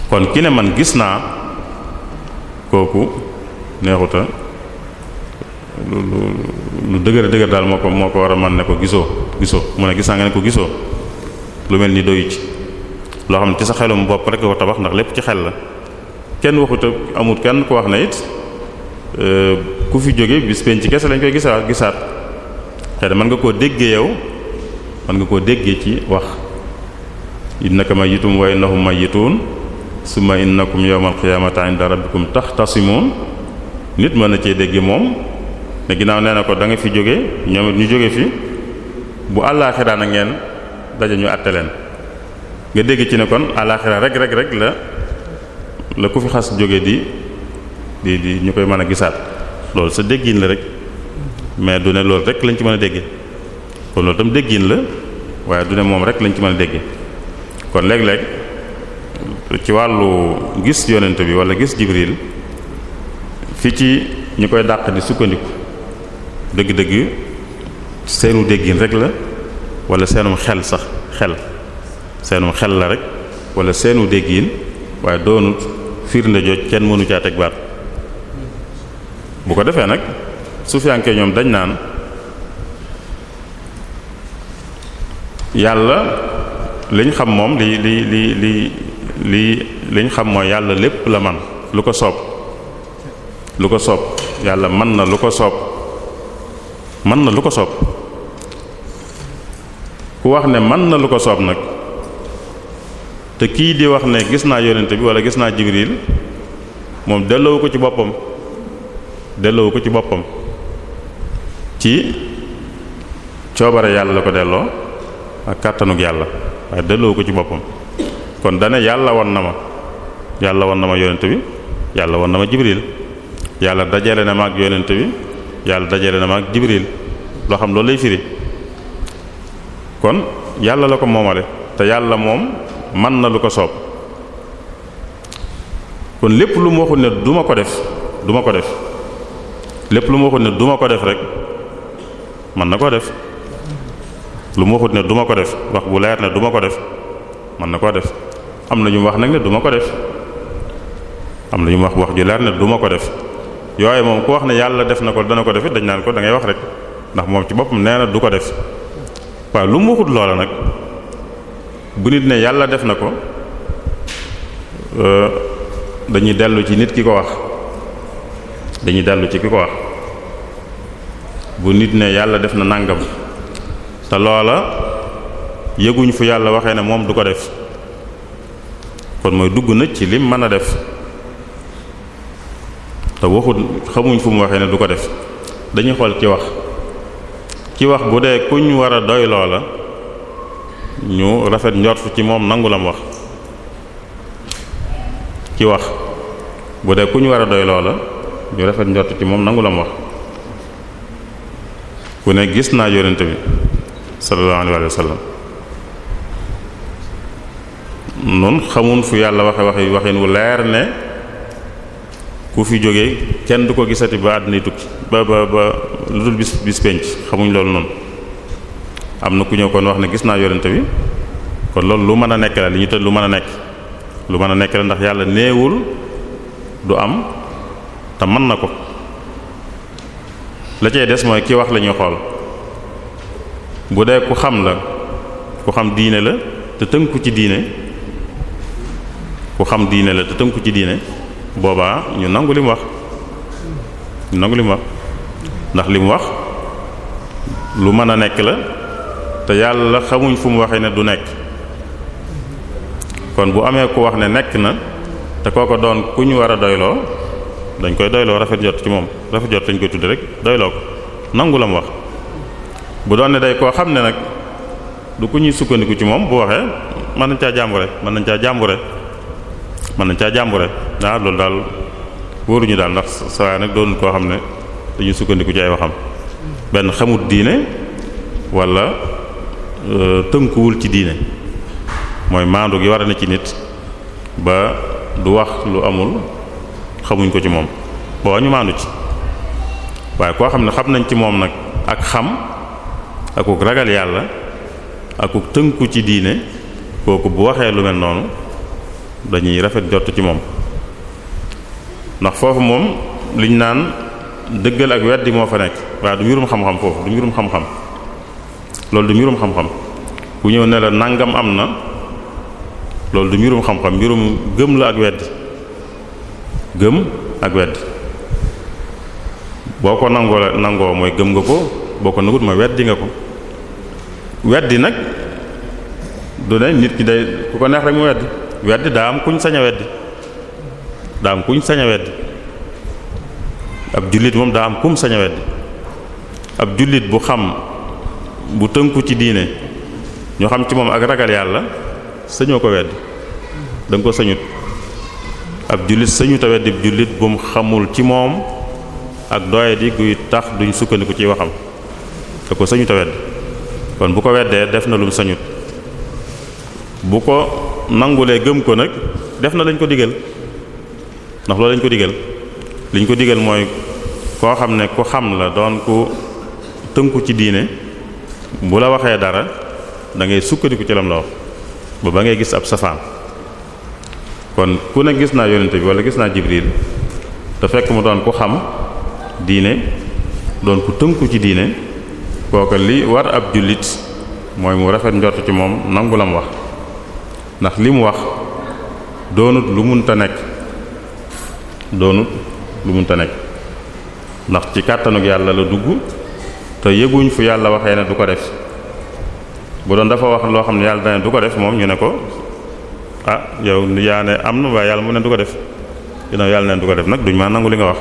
kon ki ne man gis naa kooku neexuta lu lu lu dëgër dëgër daal moo ko moo ko war a man ne ko gisoo gisoo mu ne gis naa nga ne ko gisoo lu mel ni doyu ci loo xam ne ci sa xelum bopp rek ko tabax ndax lépp ci xel la kenn waxuta amul kenn ko wax na it euh, ku fi jóge bis ci kese lañ koy gisaat gisaat te mën nga koo déggee yow mën nga koo déggee ci wax na innaka mayyitun wa ma mayyitun summa innakum yawmal qiyamati inda rabbikum taxtasimun nit mën na cee dégg moom ne ginnaaw nee na ko da nga fi jóge ñoom ñu jóge fi bu àllaaxira na ngeen daje ñu àtte leen nga dégg ci ne kon àllaaxira rek rek rek la la ku fi xas jóge di di di ñu koy mën a gisaat loolu sa déggiin la rek mais du ne loolu rek lañ ci mën a dégge kon loolu tam déggin la waaye du ne moom rek lañ ci mën a dégge kon léeg-léeg ci wàllu gis yonent bi wala gis Jibril fi ci ñu koy dàq di sukkandiku dëgg-dëgg seenu déggin rek la walla seenum xel sax xel seenum xel la rek wala seenu déggin waaye doonut firnde jooj kenn mënu caa teg baat bu ko defee nag su sufiyanke ñoom dañ naan yàlla liñ xam moom li li li li li liñ xam mooy yàlla lépp la man lu ko soob lu ko soob yàlla man na lu ko soob man na lu ko soob ku wax ne man na lu ko soob nag te kii di wax ne gis naa yonent bi wala gis naa jibril moom delloo ko ci boppam delloo ko ci boppam ci coobare yàlla la ko delloo ak kàttanug yàlla waaye delloo ko ci boppam kon dane yàlla won na ma yàlla won na ma yonent bi yàlla won na ma jibril yàlla dajale na ma ak yonent bi yàlla dajale na ma ak jibril loo xam loolu lay firi kon yàlla la ko moomale te yàlla moom man na lu ko soob kon lépp lu mu waxul ne duma ko def duma ko def lépp lu mu waxul ne ma ko def rek man na koo def lu mu waxut ne du ma ko def wax bu leer ne duma ko def mën na koo def am na ñu wax nag ne du ma ko def am na ñu wax wax ju leer ne duma ko def yooyu moom ku wax ne yàlla def na ko dana ko def dañ naan ko da ngay ndax moom ci boppam nee na du ko def waaye lu mu waxut loola nag bu nit ne yàlla def na ko euh, dañuy dellu ci nit ki ko wax dañuy dellu ci ki ko wax bu nit ne yàlla def na nàngam te loola yëguñu fu yàlla waxee ne moom du ko def kon mooy dugg na ci lim mën a def te waxut xamuñ fu mu waxee ne du ko def dañuy xool ci wax ci wax bu dee kuñ war a doy loola ñu rafet njort ci moom nangu lam wax ci wax bu dee kuñ war a doy loola ñu rafet njort ci moom nangu wax ku ne gis naa yonent bi sallallahu alayhi wa sallam noonu xamun fu yàlla waxe waxe waxin wu leer ne ku fi jóge kenn du ko gisati ba àddina tukki ba ba ba lu dul bis bis penc xamuñ loolu noonu am na ku ñëw kon wax ne gis naa yonente bi kon loolu lu mën a nekk la li ñu tëdd lu mën a nekk lu mën a nekk la ndax yàlla néewul du am te mën na ko la cay des mooy ki wax la xool bu dee ku xam la ku xam diine la te tënku ci diine ku xam diine la te tënku ci diine boobaa ñu nangu li wax ñu nangu li wax ndax li wax lu mën a nekk la te yàlla xamuñ fu mu waxee ne du nekk kon bu amee ku wax ne nekk na te kooko doon ku ñu war a doyloo dañ koy doyloo rafet jot ci moom rafet jot lañ koy tudd rek doyloo ko nangu la wax bu doon ne day koo xam ne nag du ku ñuy sukkandiku ci moom bu waxee mën nañ caa jàmbure mën nañ caa jàmbure mën nañ caa jàmbure ah daal wóoruñu daal ndax saa nag doon koo xam ne dañuy sukkandiku ci ay waxam benn xamut diine walla euh, tënkuwul ci diine mooy maandu gi war na ci nit ba du wax lu amul xamuñ ko ci moom boo ñu maandu ci waaye koo xam ne xam nañ ci moom nag ak xam. akuk ragal yàlla akuk tënku ci diine kooku bu waxee lu mel noonu dañuy rafet jot ci moom ndax foofu moom li ñu naan dëggal ak weddi moo fa nekk waaye du mbirum xam-xam foofu du mbirum xam-xam loolu du mbirum xam-xam bu ñëw ne la nangam am na loolu du mbirum xam-xam gëm la ak weddi gëm ak weddi boo ko nangoo la nangoo mooy gëm nga ko boo ko nangut mooy weddi nga ko weddi nag du ne nit ki day ku ko neex rek mu weddi weddi daa am kuñ sañ a weddi daa am kuñ sañ weddi ab jullit moom daa am kum sañ a ab jullit bu xam bu tënku ci diine ñoo xam ci moom ak ragal yàlla sañoo ko weddi da ko sañut ab jullit sañut a weddi jullit bu xamul ci moom ak doye di guy tax duñ sukkandiku ci waxam te ko sañu ta wedd kon bu ko weddee def na lum sañut bu ko nangulee gëm ko nag def na lañ ko digal ndax loolu lañ ko digal liñ ko digal mooy koo xam ne ku xam la doon ku tënku ci diine bu la waxee dara dangay sukkandiku ci lam la wax ba ba ngay gis ab safaan kon ku ne gis naa yonente bi wala gis naa jibril te fekk mu doon ku xam diine doon ku tënku ci diine kooka li war ab jullit mooy mu rafet njort ci moom nangu lam wax ndax li mu wax doonut lu munta nekk doonut lu mun munta nekk ndax ci kàttanug yàlla la dugg te yëguñ fu yàlla waxee ne du ko def bu doon dafa wax loo xam ne yàlla dane du ko def moom ñu ne ko ah yow yaa ne am na waaye yàlla mu ne du ko def ginnaaw yàlla ne du ko def nag duñ maa nangu li nga wax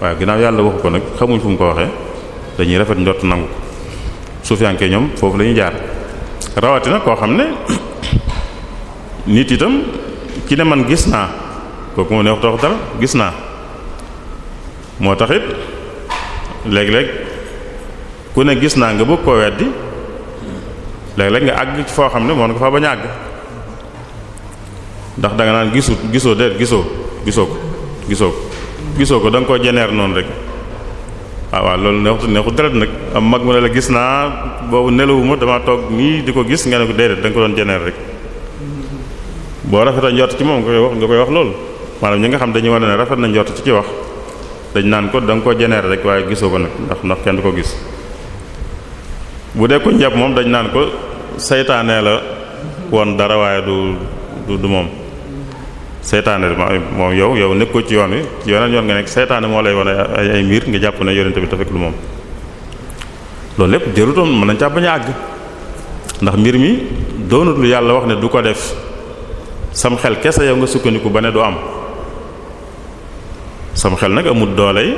waaye ginnaaw yàlla waxu ko nag xamuñ fu mu ko waxee dañuy rafet njort nangu ko suufiyanke ñoom foofu la ñuy jaar rawatina koo xam ne *coughs* nit itam ki ne man gis naa kooku moo neex tax dara gis naa moo taxit léeg-léeg ku ne gis naa nga bëgg koo weddi léeg-léeg nga àgg ci foo xam ne moon nga fa bañ àgg ndax danga nga naan gisu gisoo de gisoo gisoo ko gisoo ko gisoo ko da nga koo jeneer noonu rek Ah, waaw loolu neexut neexut deret nag am mag mu ne la gis naa boobu nelawuma damaa toog nii di ko gis nga ne ko déedéet da nga ko doon jeneen rek boo rafeta njort ci moom nga koy wax nga koy wax loolu maanaam ñi nga xam dañuy wane ne rafet na njort ci ci wax dañ naan ko danga nga ko jeneen rek waaye gisoo ko nag ndax ndax kenn du ko gis bu dee ko njab moom dañ naan ko saytaanee la woon dara waaye du du moom seytaane moom yow yow nekkoo ci yoon wi ci yoonal yoon nga nekk seytaane moo lay wane ay ay mbir nga jàpp ne yonent bi tafekk lu moom lépp jërutoon mën nañ caa bañ ndax mbir mi doonut yàlla wax ne du ko def sam kese yow nga sukkandiku ba ne du am sam xel nag amul dooley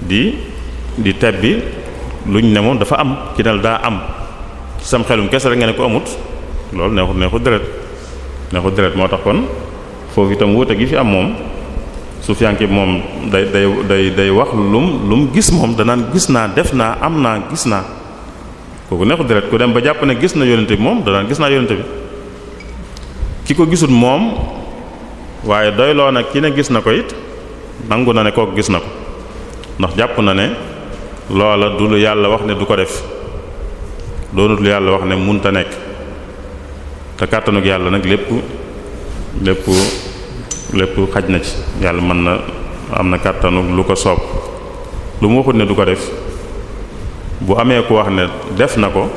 di di tebbi luñ ne dafa am ci dal daa am sam xelum kese rek nga ne ko amut loolu neexut neexut deret neexut deret moo tax kon foofu itam wuute gi fi am moom sufiyanke moom day day day day wax lu lum gis moom danaan gis naa def naa am naa gis naa kooku neexu deret ku dem ba jàpp ne gis na yonente bi moom danaan gis naa yonente bi ki ko gisul moom waaye doyloo nag ki ne gis na ko it nangu na ne kook gis na ko ndax jàpp na ne loola du lu yàlla wax ne du ko def doonut lu yàlla wax ne munta nekk te kàttanug yàlla nag lépp lépp lépp xaj na ci yàlla mën na am na kàttanu lu ko soob lu mu waxut ne du ko def bu amee ku wax ne def na ko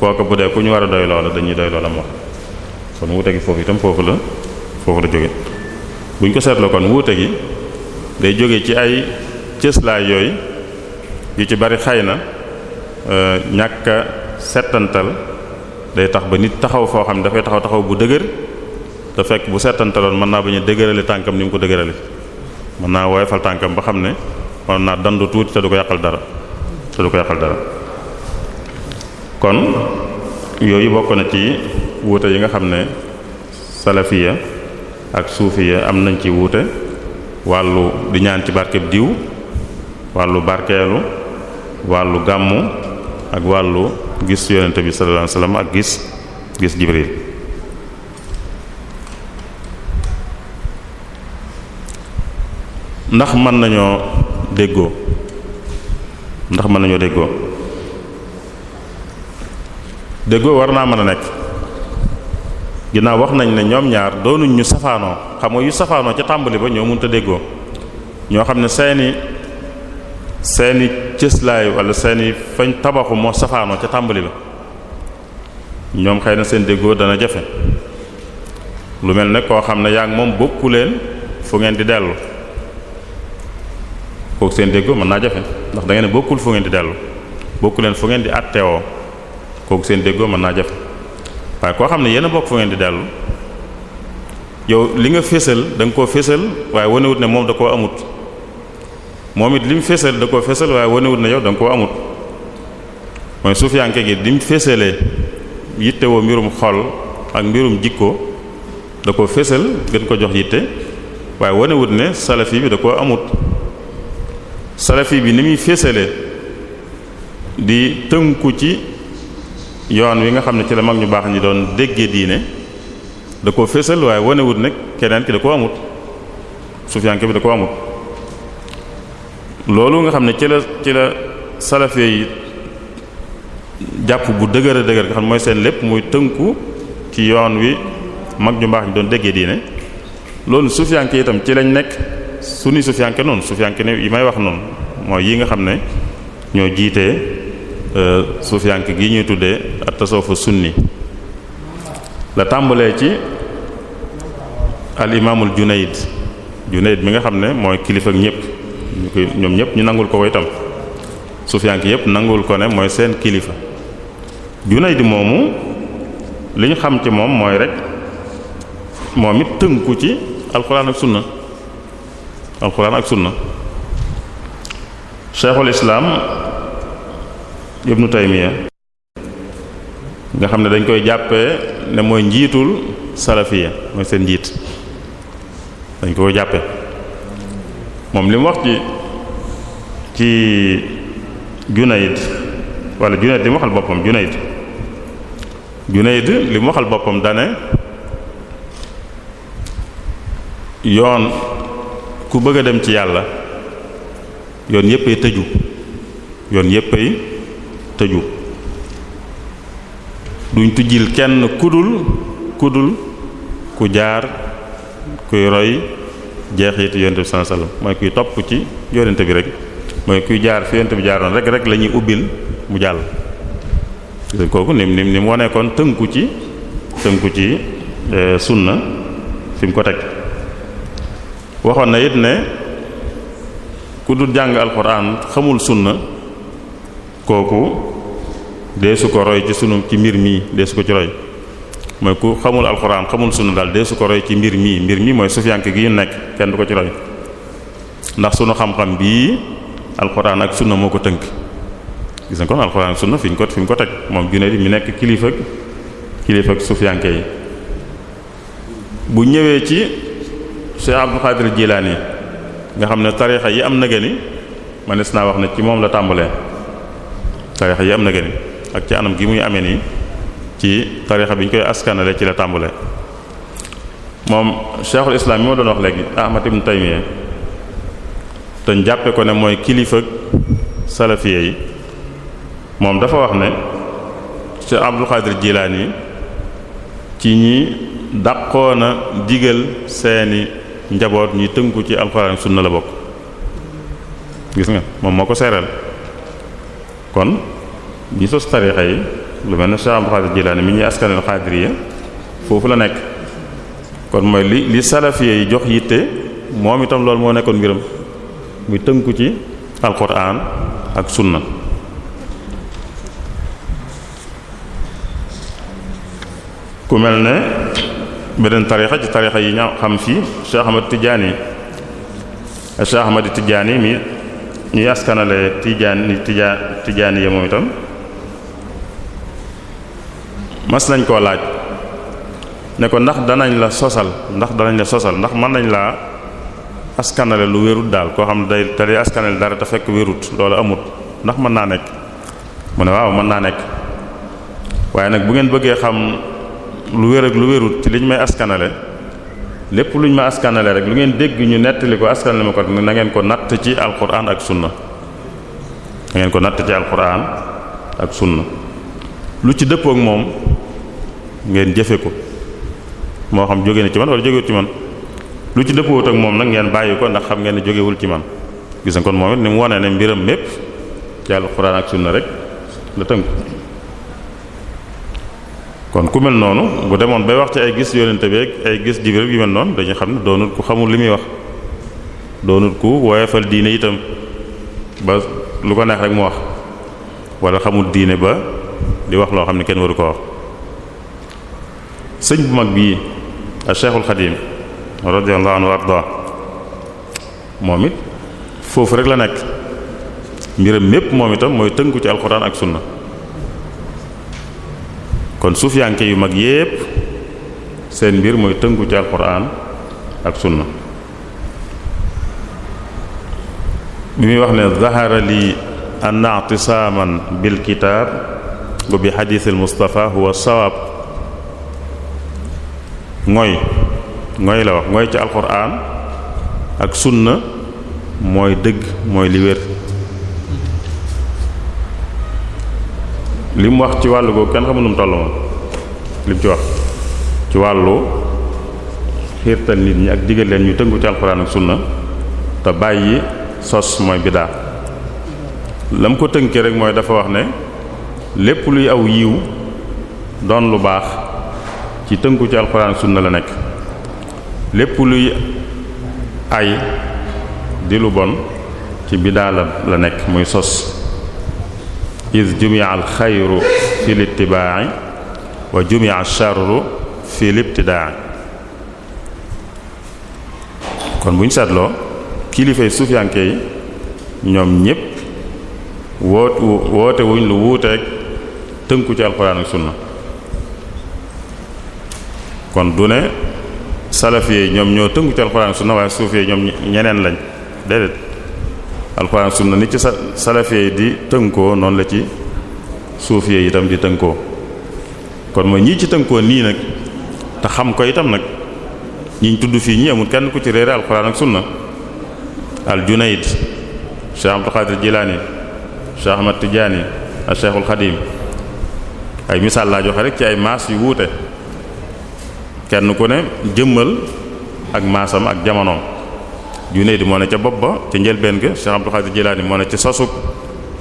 kooka bu dee ku ñu war a doy loola dañuy doy loola wax kon wuute gi foofu itam foofu la foofu la jóge bu ñu ko seetloo kon wuute gi day jóge ci ay cëslaay yooyu yu ci bari xay na euh, ñàkk a day tax ba nit taxaw foo xam ne dafay taxaw taxaw bu dëgër te fekk bu seetantaloon mën naa bañ a dëgërale tànkam ni mu ko dëgërale mën naa woyofal tànkam ba xam ne mën naa dandu tuuti te du ko yàqal dara te du ko yàqal dara kon yooyu bokk na ci wuute yi nga xam ne salafiya ak suufiya am nañ ci wuute wàllu di ñaan ci barkeb diw wàllu barkeelu wàllu gàmmu ak wàllu gis yonente bi sallallahu alayhi wasallam ak gis gis Jibril ndax mën nañoo déggoo ndax mën nañoo déggoo déggoo war naa mën a nekk ginnaaw wax nañ ne ñoom ñaar doonuñ ñu safaanoo xam nga yu safaanoo ca tàmbali ba ñoo a déggoo ñoo xam ne seeni seeni cëslaay wala seeni fañ tabaxu moo safaanoo ca tàmbali ba ñoom xëy na seen déggoo dana jafe lu mel ne koo xam ne yaa ngi moom bokku leen fu ngeen di dellu kooku seen déggoo mën naa jafe ndax da ngeen bokkul fu ngeen di dellu bokku leen fu ngeen di atteewoo kooku seen déggoo mën naa jafe waaye koo xam ne yéen bokk fu ngeen di dellu yow li nga fésal danga koo fésal waaye wonewut ne moom da amut moom it li mu da koo fésal waaye wanewut ne yow danga koo amut mooy suufiyanke gi lim fésalee yittewoo mbirum xol ak mbirum jikko da koo fésal gën ko jox yitte waaye wanewut ne salafi bi da koo amut salafi bi ni muy féesale di tënku ci yoon wi nga xam ne ci la mag ñu baax ñi doon déggee diine da koo féesal waaye wanewut nag keneen ki da ko amut sufiyanke bi da ko amut loolu nga xam ne ci la ci la salafi yi jàpp bu dëgër a dëgër nga xam ne mooy seen lépp muy tënku ci yoon wi mag ñu baax ñi doon déggee diine loolu sufiyanke itam ci lañ nekk sunni sufiyanke noonu sufiyanke ne yi may wax noonu mooy yi nga xam ne ñoo jiitee euh, sufiyanke gi ñuy tuddee at tasawuf sunni la tàmbalee ci al imaamul Junayd Junayd mi nga xam ne mooy kilifa ak ñëpp ñu koy ñoom ñëpp ñu nangul ko ko itam sufiyanke yëpp nangul ko ne mooy seen kilifa Junayd moomu li ñu xam ci moom mooy rek moom it tënku ci alxuraan ak sunna alquran ak sunna cheikhul islam ibnu taymiya nga xam ne dañ koy jàppee ne mooy njiitul salafiya mooy seen njiit dañ koy jàppe moom li mu wax ci ci junayd wala junayd li mu waxal boppam junayd junayd li mu waxal boppam dane yoon ku bëgg a dem ci yàlla yoon yépp tëju yoon yépp ay tëju duñ tujjil kenn kudul kudul ku jaar kuy roy jeexit yonent bi sallallahu alayhi mooy kuy topp ci yonent bi rek mooy kuy jaar fi yonent bi jaaroon rek rek lañuy ubbil mu jàll kooku ni ni ni mu wanee tënku ci tënku ci eh, sunna fi mu ko teg waxoon na it ne ku dul jàng alxuraan xamul sunna kooku dee su ko roy ci sunu ci mbir mii dee su ko ci roy mooy ku xamul alxuraan xamul sunna daal dee su ko roy ci mbir mii mbir mii mooy sufiyanke gi ñu nekk kenn ko ci roy ndax sunu xam-xam bii alxuraan ak sunna moo ko tënk gis nga kon alxuraan ak sunna fi ñu ko fi ñu ko teg moom junne di mi nekk kilifa kilifa ak sufiyanke yi bu ñëwee ci Cheikh Abdul Qadir Jilani nga xam ne tarixa yi am na gëni manes naa wax ne ci moom la tàmbalee tarixa yi am na gëni ak ci anam gi muy amee nii ci tarixa bi ñu koy askanale ci la tàmbalee moom cheikhul islam yi ma doon wax léegi Ahmad ibn Taymiyya te ñu ko ne mooy kilifa salafiya yi moom dafa wax ne Cheikh Abdul Qadir Jilani ci ñi dàqoona digal seeni njaboot ñuy tënku ci alxuraan sunna la bokk gis nga moom moo ko seereel kon ñi sos tarixa yi lu mel ne Cheikh Abdou Khadir Jilani mi ñuy askanel xaadiriya foofu la nekk kon mooy li li salafiyé yi jox yitte moom itam loolu moo nekkoon mbiram muy tënku ci alxuraan ak sunna ku mel ne beneen tarixa ci tarixa yi ña xam fii Cheikh Ahmad Tidiane Cheikh Ahmad Tidiane mi ñuy askanale Tidiane Tidiane Tidiane yi moom itam mas nañ koo laaj ne ko ndax danañ la sosal ndax danañ la sosal ndax mën nañ laa askanale lu wérut daal koo xam ne day te day askanale dara te fekk wérut loolu amut ndax mën naa nekk mu ne waaw mën naa nekk waaye nag bu ngeen bëggee xam lu wér lu wérut ci liñ may askanale lépp luñ ma askanale rek lu ngeen dégg ñu nettali ko askanale ma ko na ngeen ko natt ci alquran ak sunna na ngeen ko natt ci alquran ak sunna lu ci dëppook moom ngeen jëfe ko moo xam jóge na ci man wala jógewul ci man lu ci dëppoot ak moom nag ngeen bàyyi ko ndax xam ngeen ne jógewul ci man gis nga kon moom it ni mu wane ne mbiram mépp ci alquran ak sunna rek la tënku kon ku mel noonu bu demoon bay wax ci ay gis yonente bi ay gis Jibril yu mel noonu dañuy xam ne doonul ku xamul li muy wax doonul ku woyefal diine itam ba lu ko neex rek mu wax walla xamul diine ba di wax loo xam ne kenn waru ko wax sëñ bu mag bii a Cheikhul Xadim radiyallahu anhu arda moom it foofu rek la nekk mbiram mépp moom itam mooy tënku ci alxuraan ak sunna kon suufiyanke yu mag yépp seen mbir mooy tënku ci alquran ak sunna bi muy wax ne zahara li anna i'tisaaman bil kitaab wa bi xadiisil mustafa huwa sawaab mooy mooy la wax mooy ci alquran ak sunna mooy dëgg mooy li wér li mu wax ci wàllu googu kenn xamul nu mu toll moom li ci wax ci wàllu xiirtal nit ñi ak digal leen ñu tëngu ci alxuraan ak sunna te bàyyi sos mooy biddaa la mu ko tënkee rek mooy dafa wax ne lépp luy aw yiw doon lu baax ci tënku ci alxuraan sunna la nekk lépp luy ay di lu bon ci biddaa la la nekk muy sos id jumia alxayru fi littibaai wa jumia alcharru fi libtidaai kon buñ seetloo kilifay suufiyanke yi ñoom ñépp woot woote wuñ lu wuute tënku ci alxuraan ak sunna kon du ne salafiyee ñoom ñoo tënku ci alxuraan ak sunna waaye suufiyee ñoom ñeneen lañ déedéet alxuraan sunna ni ci sa salafee di tënkoo noonu la ci suufee itam di tënkoo kon mooy ñii ci tënkoo nii nag te xam ko itam nag ñiñ tudd fii ñi amul kenn ku ci réere alxuraan ak sunna al junayd Cheikh Abdul ay misaal laa joxe rek ci ay maas yu wuute kenn ku ne jëmbal ak maasam ak jamonoom Junayd moo ne ca bopp ba ca njëlbeen ga Cheikh Abdul Xaadir Jilaani moo ne ci sosug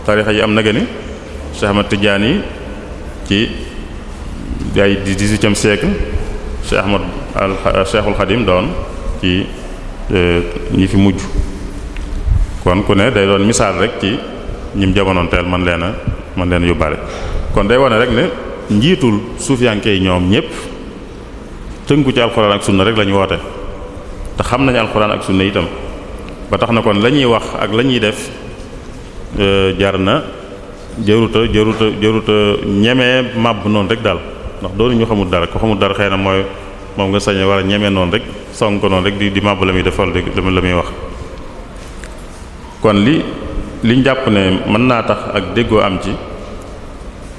tarixa yi am na gëni Cheikh Ahmad yi ci ay dix-huitième siècle Cheikh Ahmad al Cheikhul doon ci euh, ñi fi mujj kon ku ne day doon misaal rek ci ñim jamonoon man leen a man leen bare kon day wane rek ne njiitul suufiyanke yi ñoom ñépp tënku ci alxuraan ak sunna rek lañu woote te xam nañu alxuraan ak su sunna itam ba tax na kon lañuy wax ak lañuy def euh, jar na jaruta jaruta jaruta ñemee màbb noonu rek daal ndax doonu ñu xamul dara ko xamul dara xëy na mooy moom nga sañe war a ñemee noonu rek sonk noonu rek di di màbb la muy defal la muy wax kon li liñ jàpp ne mën naa tax ak déggoo am ci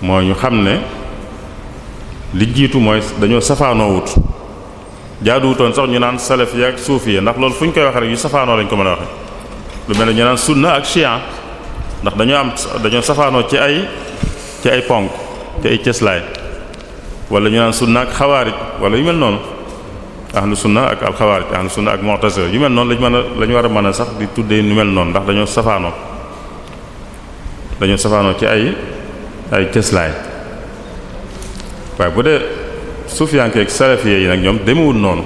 mooy ñu xam ne li jiitu mooy dañoo safaanoo wut jaaduwutoon sax ñu naan salaf yi ak suufi yi ndax loolu fu ñu koy waxee rek yu safaanoo lañ ko mën a waxee lu mel ne ñu naan sunna ak chian ndax dañoo am dañoo safaanoo ci ay ci ay ponk ci ay cëslaay wala ñu naan sunna ak wala yu mel noonu ahlu sunna ak alxawaarij ahlu sunna ak mu'tazila yu mel noonu lañ mën lañu war a mën a sax di tuddee nu mel noonu ndax dañoo safaanoo dañoo safaanoo ci ay ay cëslaay waaye bu dee sufiyankeeg salafiyee yi nag ñoom demewul noonu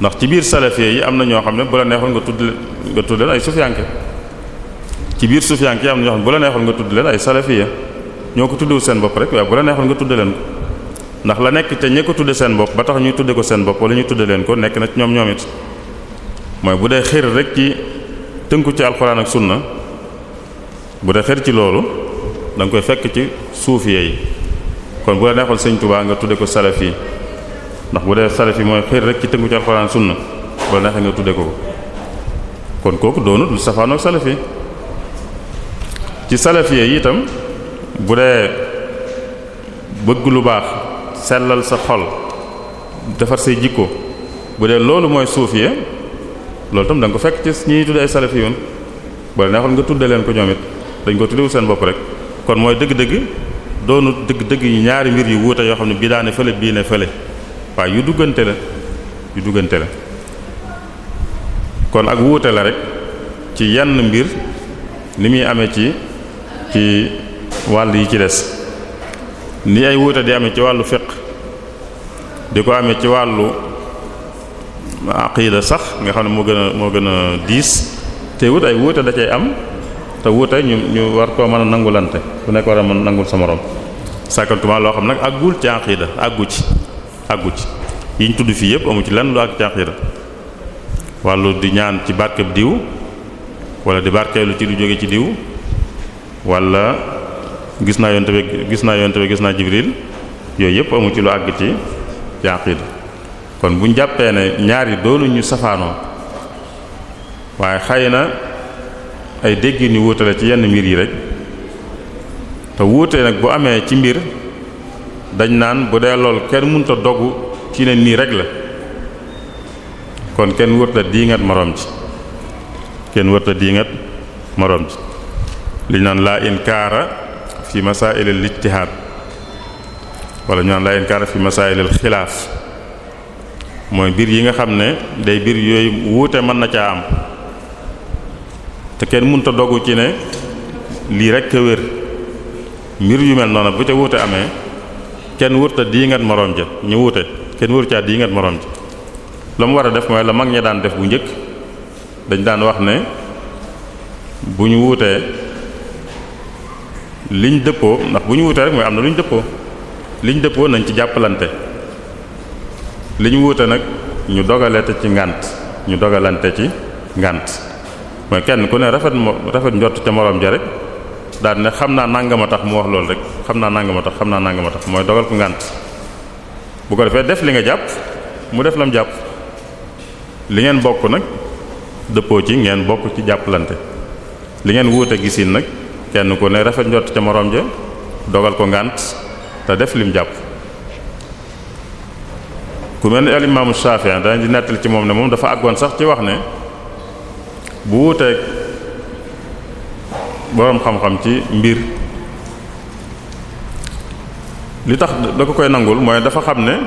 ndax ci biir salafiyee yi am na ñoo xam ne bu la neexoon nga tudd nga tudd leen ay sufiyanke ci biir sufiyanke yi am na ñoo xam ne bu la neexoon nga tudd leen ay salafiyee ñoo ko tuddewu seen bopp rek waaye bu la neexoon nga tudd leen ko ndax la nekk ca ñi ko tudde seen bopp ba tax ñuy tudde ko seen bopp wala ñu tudde leen ko nekk na ci ñoom ñoom it mooy bu dee xër rek ci tënku ci alxuraan ak sunna bu dee xër ci loolu da nga koy fekk ci suufiye yi kon bu la neexoon sëñ Tuubaa nga tudde ko salafi ndax bu dee salafi mooy xër rek ci tënku ci alxuraan sunna bu la neexee nga tudde ko kon kooku doonut lu safaanoog salafi ci salafiye yi itam bu dee bëgg lu baax sellal sa xol defar say jikko bu dee loolu mooy suuf suufiye loolu tam da nga ko fekk ci ñi tudde ay salafiyun bu la neexoon nga tudde leen ko ñoom it dañ ko tuddewu seen bopp rek kon mooy dëgg-dëgg doonu dëgg-dëgg yi ñaari mbir yu wuute yoo xam ne bii daa fële bii ne fële waaye yu duggante la yu duggante la kon ak wuute la rek ci yenn mbir ni muy amee ci ci wàll yi ci des ni ay wuute di ame ci wàllu fiqh di ko amee ci wàllu aqida sax nga xam ne moo gën a moo gën a diis te wut ay wuute da cay am te wuute ñu ñu war koo mën a nangulante ku nekk war a mën nangul sa morom sàkkantumaa loo xam nag àggul ci àqiida àggu ci àggu ci yiñ tudd fii yëpp amu ci lenn lu àgg ci àqiida wàllu di ñaan ci barkeb diw wala di barkeelu ci lu jóge ci diw walla gis naa yonte bi gis naa yonte bi gis naa jibril yooyu yëpp amu ci lu àgg ci ci àqiida kon buñ jàppee ne ñaari doonu ñu safaanoo waaye xëy ay déggin yu ci yenn mbir yi rek te wuute nag bu amee ci mbir dañ naan bu dee lool kenn mënut a dogu ci ne nii rek la kon kenn wërta diingat moroom ci kenn wërta diingat moroom ci li ñu naan laa inkaara fi masaa'il al-ijtihaad wala ñu naan laa inkaara fi masaa al-xilaaf mooy mbir yi nga xam ne day mbir yooyu wuute mën na caa am te kenn mënut a dogu ci ne lii rek a wér mbir yu mel noonu bu ca wuute amee kenn wërta diingat moroom ja ñu wuute kenn wër caa diingat moroom ja la mu war a def mooy la mag ña daan def bu njëkk dañ daan wax ne bu ñu wuutee liñ dëppoo ndax bu ñu wuutee rek mooy am na luñ dëppoo liñ dëppoo nañ ci jàppalante liñ wuute nag ñu dogalante ci ngànt ñu dogalante ci ngànt mooy kenn ku ne rafet rafet njott ca morom ja rek daal ne xam naa nangama tax mu wax loolu rek xam naa nangama tax xam naa nangama tax mooy dogal ko ngànt bu ko defee def li nga jàpp mu def lam jàpp li ngeen bokk nag dëppoo ci ngeen bokk ci jàppalante li ngeen wuute gisin nag kenn ku ne rafet njott ca moroom ja dogal ko ngànt te def li mu jàpp ku mel ni al imaamu Shafi'i dañ di nettali ci moom ne moom dafa àggoon sax ci wax ne bu wuuteeg boroom xam-xam ci mbir li tax da ko koy nangul mooy dafa xam ne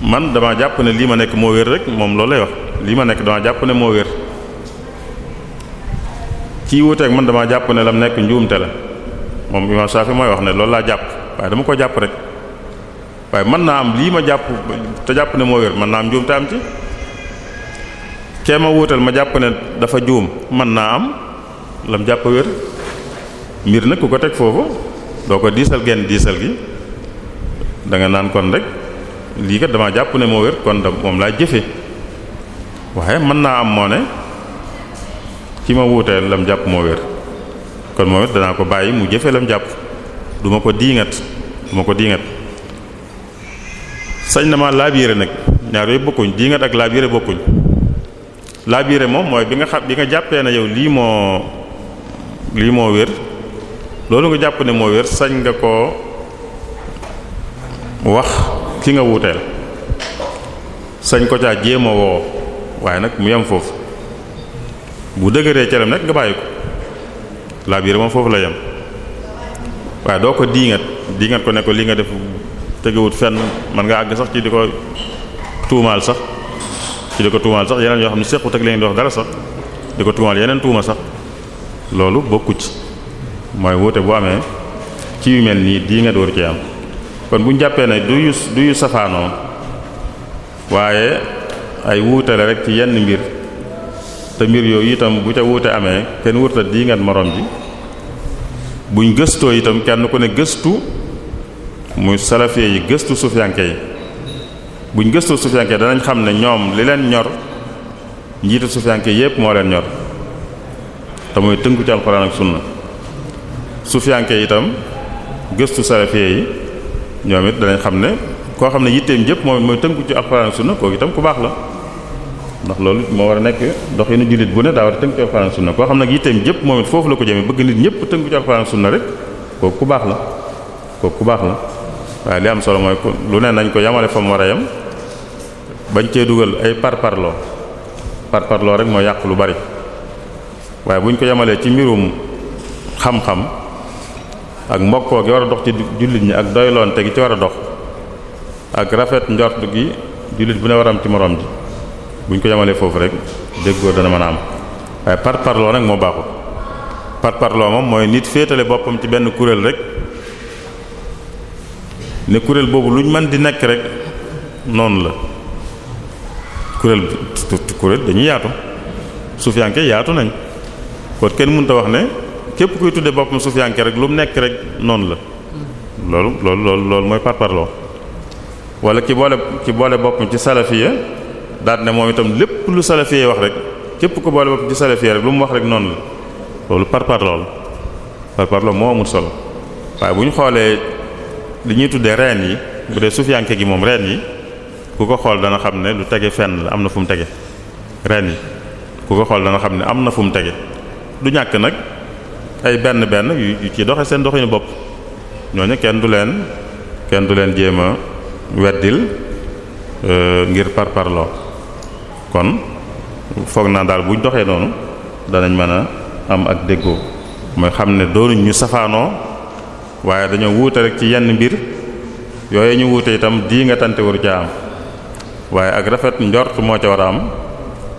man dama jàpp ne lii ma nekk moo wér rek moom loolu lay wax lii ma nekk dama jàpp ne moo wér ci wuuteeg man dama jàpp ne la lam nekk njuumte la moom Imam Shafi mooy wax ne loolu laa jàpp waaye dama ko jàpp rek waaye mën naa am lii ma jàpp te jàpp ne moo wér mën naa am njuumte am ci kee ma wuutal ma jàpp ne dafa juum man naa am lam jàpp wér mbir nag ku ko teg foofu doo ko diisal genn diisal gi danga naan kon rek lii kat dama jàpp ne moo wér kon da moom laa jëfe waaye mën naa am moo ci ma wuutee lam jàpp moo wér kon moom it danaa ko bàyyi mu jëfe lam jàpp duma ko diingat du ko diingat sañ na ma laab yére nag ñaar yooyu bokkuñ diingat ak laab yére bokkuñ laabire moom mooy bi nga xam bi nga jàppee na yow lii moo lii moo wér loolu nga jàpp ne moo wér sañ nga koo wax ki nga wuuteel sañ ko caa jéem a waaye nag mu yam foofu bu dëgëree celam nag nga bàyyi ko laabire moom foofu la yem waaye doo ko diingat diingat ko ne ko li nga def tegewut fenn man nga àgg sax ci di ko tuumaal sax ci di ko tuumaal sax yeneen yoo xam ne sequt ak leen di wax dara sax di ko tuumaal yeneen tuuma sax loolu bokku ci mooy wuute bu amee ci yu mel nii dii nga door ci am kon bu ñu jàppee ne du safaanoo waaye ay wuute la rek ci yenn mbir te mbir yooyu itam bu ca wuute amee kenn wërta dii ngeen moroom ji buñ gëstoo itam kenn ku ne gëstu muy salafee yi gëstu sufiyanke yi buñ gëstu sufiyanke danañ xam ne ñoom li leen ñor njiitu sufiyanke yépp moo leen ñor te muy tënku ci alxuraan ak sunna sufiyanke itam gëstu salafiyee yi ñoom it danañ xam ne koo xam ne yitteem yépp moom mooy tënku ci alxuraan ak sunna kooku itam ku baax la ndax loolu moo war a nekk doxinu jullit bu ne daa war a tënku koo xam ne yitteem yépp moom it foofu la ko jëmee bëgg nit ñépp tënku ci alxuraan ak sunna rek kooku ku baax la kooku ku baax la waaye li am solo mooy lu ne nañ ko yamale fa mu war a yam bañ cee dugal ay parparloo parparloo rek moo yàq lu bari waaye buñ ko yemalee ci mbirum xam-xam ak mbokkoo gi war a dox ci jullit ñi ak doyloonte gi ci war a dox ak rafet njort gi jullit bu ne war a am ci moroom ji buñ ko yemalee foofu rek déggoo dana mën a am waaye parparloo nag moo baaxul parparloo moom mooy nit féetale boppam ci benn kuréel rek ne kuréel boobu luñ mën di nekk rek noonu la kuréel kuréel dañuy yaatu suufiyanke yaatu nañ kon kenn mënut a wax ne képp kuy tuddee boppam suufiyanke rek lu mu nekk rek noonu la loolu loolu loolu loolu mooy parparloo wala ki boole ki boole boppam ci salafiya daal ne moom itam lépp lu salafiya wax rek képp ku boole ci salafiya rek lu mu wax rek noonu loolu parparloo la moo amul solo waaye bu ñu xoolee li tuddee reen yi bu dee suufiyanke gi moom reen yi ku ko xool dana xam ne lu tege fenn la am na fu mu tege ren yi ku ko xool dana xam ne am na fu mu tege du ñàkk nag ay benn benn yu ci doxe seen doxinu bopp ñooñu kenn du leen kenn du leen jéem a weddil euh, ngir par parloo kon foog naa daal buñ doxee noonu danañ mën a am ak déggoo mooy xam ne doonuñ ñu safaanoo waaye dañoo wuute rek ci yenn mbir yooyu ñu wuute itam dii nga tante waru caa am waaye ak rafet njort moo ca war a am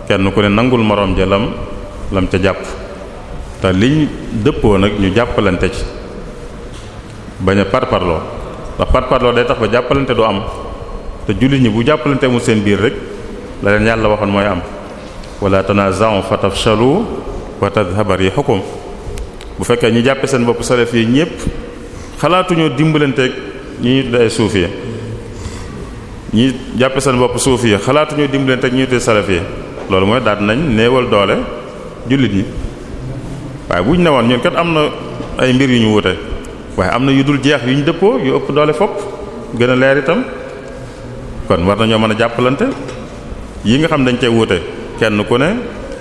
kenn ku ne nangul moroom ja lam ca jàpp te liñ dëppoo nag ñu jàppalante ci bañ a parparloo ndax parparloo day tax ba jàppalante du am te jullit ñi bu jàppalante mu seen biir rek la leen yàlla waxoon mooy am wala tanaza'u fatafshalu wa tadhhaba rihukum bu fekkee ñu jàppe seen bopp salaf yi ñépp xalaatuñoo dimbalanteeg ñi ñu day suufee ñi jàppe seen bopp suufi yi xalaatuñoo dimbaleen te ñuy tuddee salaf yi loolu mooy daal nañ néewal doole jullit ñi waaye bu ne woon ñun kat am na ay mbir yu ñu wute waaye am na yu dul jeex yu ñu dëppoo yu ëpp doole fopp gën a leer itam kon war nañoo mën a jàppalante yi nga xam dañ cay wuute kenn ku ne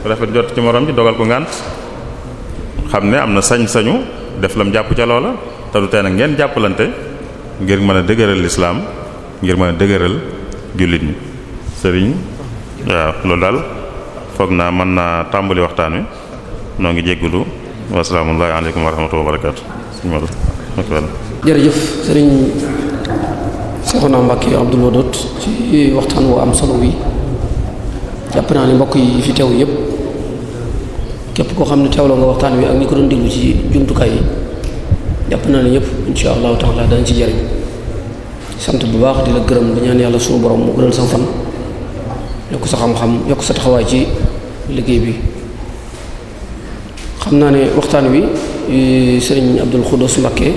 rafet jot ci morom ji dogal ko ngànt xam ne am na sañ-sañu def lam jàpp ca loola te du tee nag ngeen jàppalante ngir mën a dëgëral lislaam ngir mën a dëgëral jullit ñi sëriñ waaw loolu daal foog naa mën naa tàmbali waxtaan wi noo ngi jéggulu wassalaamu aleykum wa rahmatullahi wa barakaatu jërëjëf
sëriñ Seexuna Mbàkke Abdul Wadud ci waxtaan woo am solo wi jàpp naa ne mbokk yi fi teew yépp képp koo xam ne teewloo nga waxtaan wi ak ñi ko doon déglu ci jumtukaay yi jàpp naa ne ñépp insha allahu taala dañ ci jëriñ sant bu baax di la gërëm di ñaan yàlla suñu borom mu gënal sa fan yokk sa xam-xam yokk sa taxawaay ci liggéey bi xam naa ni waxtaan wi e, sëriñ Abdul Xudos Mbakke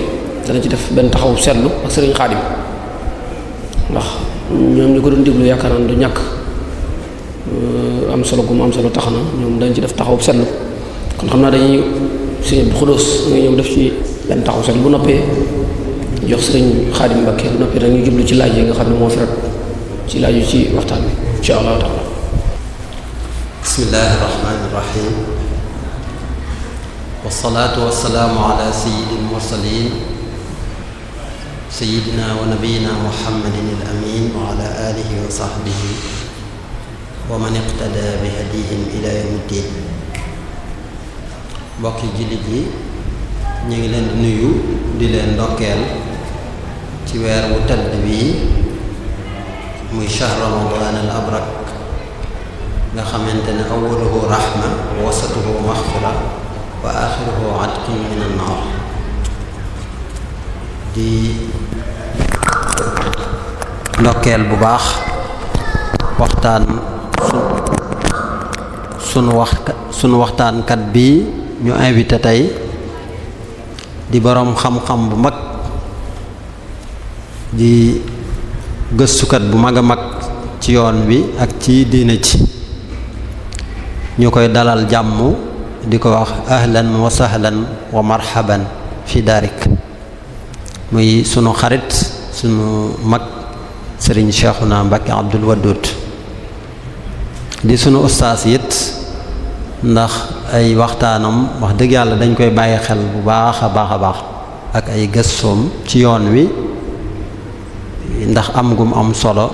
dana ci def benn taxaw seetlu ak sëriñ Xaadim ndax ñoom ñu ko doon déglu yaakaar naa du ñàkk e, am solo gum am solo tax na ñoom dañ ci def taxaw seetlu kon xam naa dañuy sëriñ Abdul Xudos nga ñëw def ci benn taxaw seetlu bu noppee jox sëriñ Xaadim Mbakke bu noppi nag ñu jublu ci laaj yi nga xam ne moo fi rek ci laaju ci waxtaan bi insha allahu taala bismillahi rahmaani rahim
wasalaatu wa nabiyina muhammadin al amin wa ala wa sahbihi wa man iqtada bi hadihim ila yawmiddin mbokki jullit yi ñu ngi leen di nuyu di leen ndokkeel ci weer wu tedd bii muy shahr ramadan al abrak nga xamante ne awaluhu rahma wasatuhu maxfira wa axiruhu atqin di ndokkeel bu baax waxtaan sunu wax sunu waxtaankat bi ñu invité tey di boroom xam-xam bu mag di gëstukat bu mag a mag ci yoon wi ak ci diine ci ñu koy dalal jàmm di ko wax ahlan wa sahlan wa marhaban fi darik muy sunu xarit sunu mag sëriñ Cheikhouna Mbacké Abdul Wadud di sunu ustaas it ndax ay waxtaanam wax dëgg yàlla dañ koy bàyyi xel bu baax a baax a baax ak ay gëstoom ci yoon wi ndax am gum am solo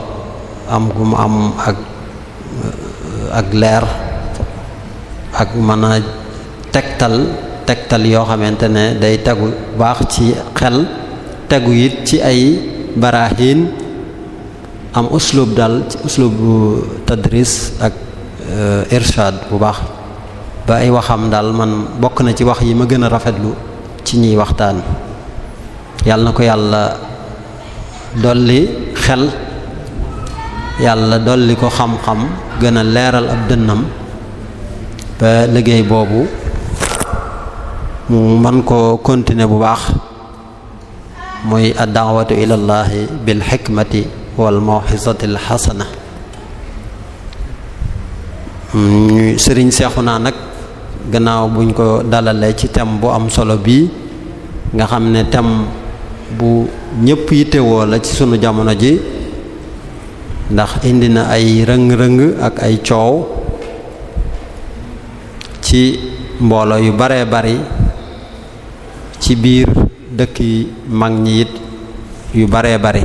am gu mu am ak ak leer ak mën a tegtal tegtal yoo xamante ne day tegu baax ci xel tegu it ci ay baraahin am uslub daal uslub bu tadris ak eh, irshad bu baax ba ay waxam daal man bokk na ci wax yi ma gën a rafetlu ci ñuy waxtaan yàlla na ko yàlla dolli xel yàlla dolli ko xam-xam gën a leeral ab dënnam ba liggéey boobu mu man koo continuer bu baax muy addaawatu ilallahi bil xikmati wal mawxisati al xasana ñu sëriñ seexu naa nag gannaaw buñ ko dalalee ci thème bu am solo bii nga xam ne thème bu ñépp yittewoo la ci sunu jamono ji ndax indi na ay rëng-rëng ak ay coow ci mbooloo yu baree bari ci biir dëkk yi mag ñi it yu baree bari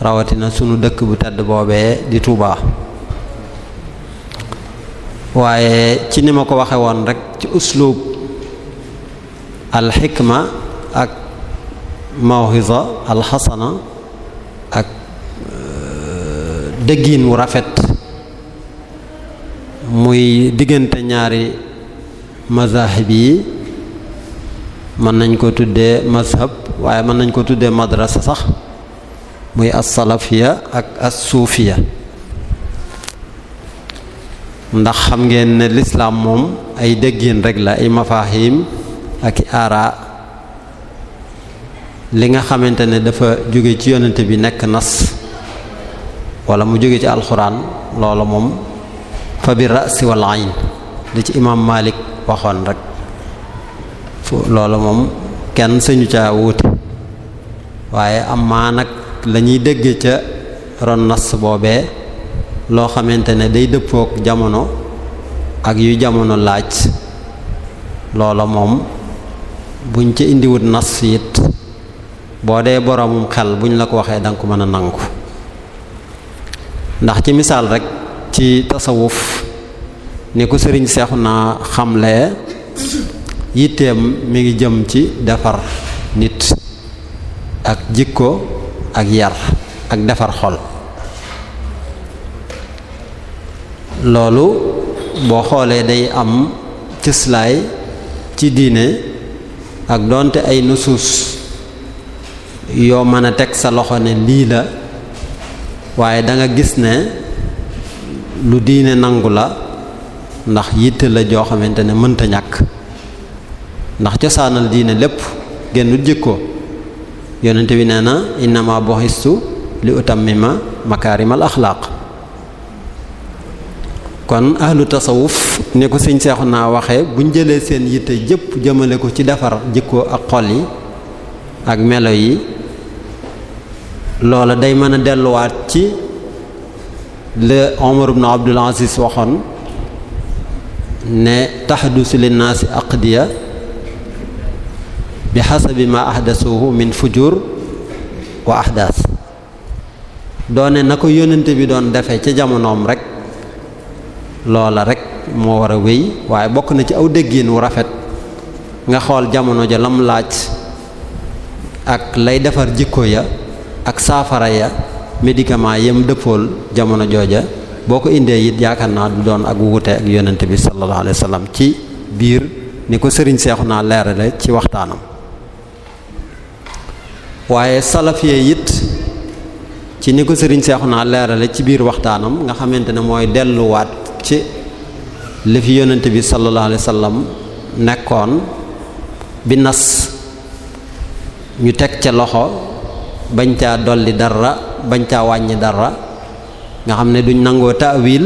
rawatina sunu dëkk bu tedd boobee di Touba waaye ci ni ma ko waxe woon rek ci uslub al ak mawhiza alxasana ak euh, dëggiin wu rafet muy diggante ñaari mazahib yi mën nañ ko tuddee mazhab waaye mën nañ koo tuddee madrasa sax muy as-salafiyya ak as-suufiyya ndax xam ngeen lislaam moom ay dëggiin rek la ay mafahim ak aara li nga xamante ne dafa jóge ci yonent bi nekk nas wala mu jóge ci alxuraan loola moom fa bi rasi wal ayn li ci imaam Malik waxoon rek loola moom kenn sañu ca wuute waaye amaa nag lañuy dégg ca ron nas boobee loo xamante ne day dëppook jamono ak yu jamono laaj loola moom buñ ca indiwut nas it boo dee boroomum xel buñ la ko waxee danga ko mën a nangu ndax ci misaal rekk ci tasawuf ni ko sëriñ seexu naa xamle yitteem mi ngi jëm ci defar nit ak jikko ak yar ak defar xol loolu boo xoolee day am cëslaay ci diine ak doonte ay nusuus yoo mën a teg sa loxo ne lii la waaye danga gis ne lu diine nangu la ndax yitte la joo xamante ne mënta ñàkk ndax cosaanal diine lépp génnul jikko yonente bi nee na innama buhistu li utammima makaarimal axlaaq kon ahlu tasawuf ni ko sëñ seexu naa waxe bu jëlee seen yitte jëpp jëmale ko ci defar jikko ak xol yi ak melo yi loola day mën a delluwaat ci le Omar ibn Abdul Aziz waxoon ne tahdusu linnaasi aqdiya bi xasabi ma ahdasuhu min fujur wa ahdas doone na ko yónnante bi doon defe ca jamonoom rek loola rek moo war a wéy waaye bokk na ci aw déggiin wu rafet nga xool jamono ja lam laaj ak lay defar jikko ya ak saafara ya médicament yam dëppool jamono jooja boo ko indee it yaakaar naa du doon ak wuute ak yonent bi sallallahu alayhi ci biir ni ko sëriñ seexu naa leerale ci waxtaanam waaye salafiyee it ci ni ko sëriñ seexu naa leerale ci biir waxtaanam nga xamante ne mooy delluwaat ci li yonent bi sallallahu alayhi wa nekkoon bi nas ñu teg ca loxo bañ caa dolli dara bañ caa wàññi dara nga xam ne duñ nangoo taawil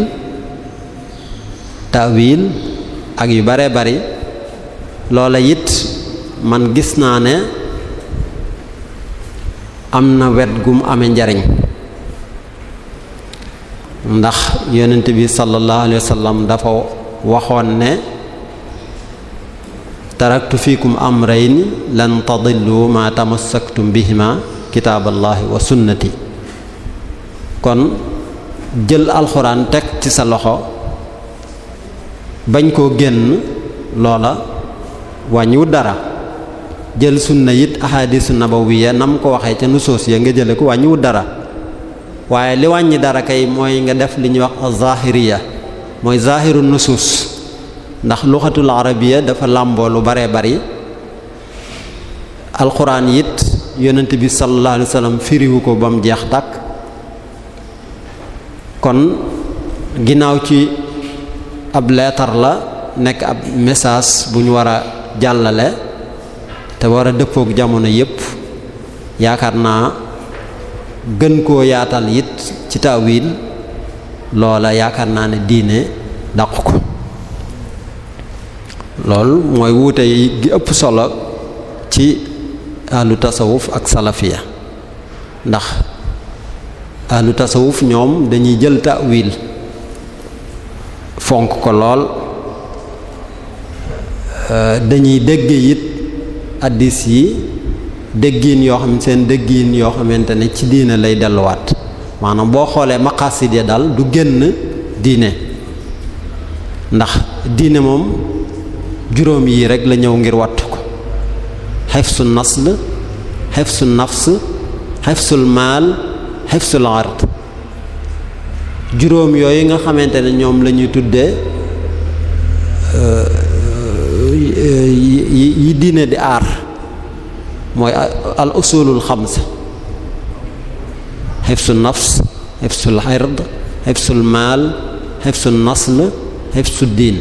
taawil ak yu bare bari loola it man gis naa ne am na wet gum ame njariñ ndax yonent bi sallallahu alayhi wa sallam dafa waxoon ne taraktu fiikum amrayni lan tadillu ma tamassaktum bihima kitaaballaahi wa sunnati kon jël alxuraan teg ci sa loxo bañ koo génn loola wàññiwut dara jël sunna it ahadisu nabawiya nam ko waxee ca nusoos ya nga jële ko wàññiwut dara waaye li wàññi dara kay mooy nga def li ñuy wax zahiriya mooy zahiru nusuus ndax luxatul arabiya dafa làmboo lu bare bari alxuraan it yonent bi sallallahu alayhi wasallam firiwu ko ba jeex tàkk kon ginnaaw ci ab leetar la nekk ab message bu ñu war a jàllale te war a dëppook jamono yépp yaakaar naa gën koo yaatal it ci taawil loola yaakaar naa ne diine dàq ko loolu mooy wuute gi ëpp solo ci ahlu tasawuf ak salafiya ndax ahlu tasawuf ñoom dañuy jël ta'wil fonk ko lool euh, dañuy dégg it addis yi déggiin yoo xam seen déggiin yoo xamante ne ci diine lay delluwaat maanaam boo xoolee maqasid ya daal du génn diine ndax diine moom juróom yi rek la ñëw ngir wattu xefsul nasl xefsul nafs xefsul maal xefsul ard juróom yooyu nga xamante ne ñoom la ñuy tuddee yi diine di aar mooy al usulul xamsa xefsul nafs xefsul ard xefsul maal xefsul nasl xefsul diin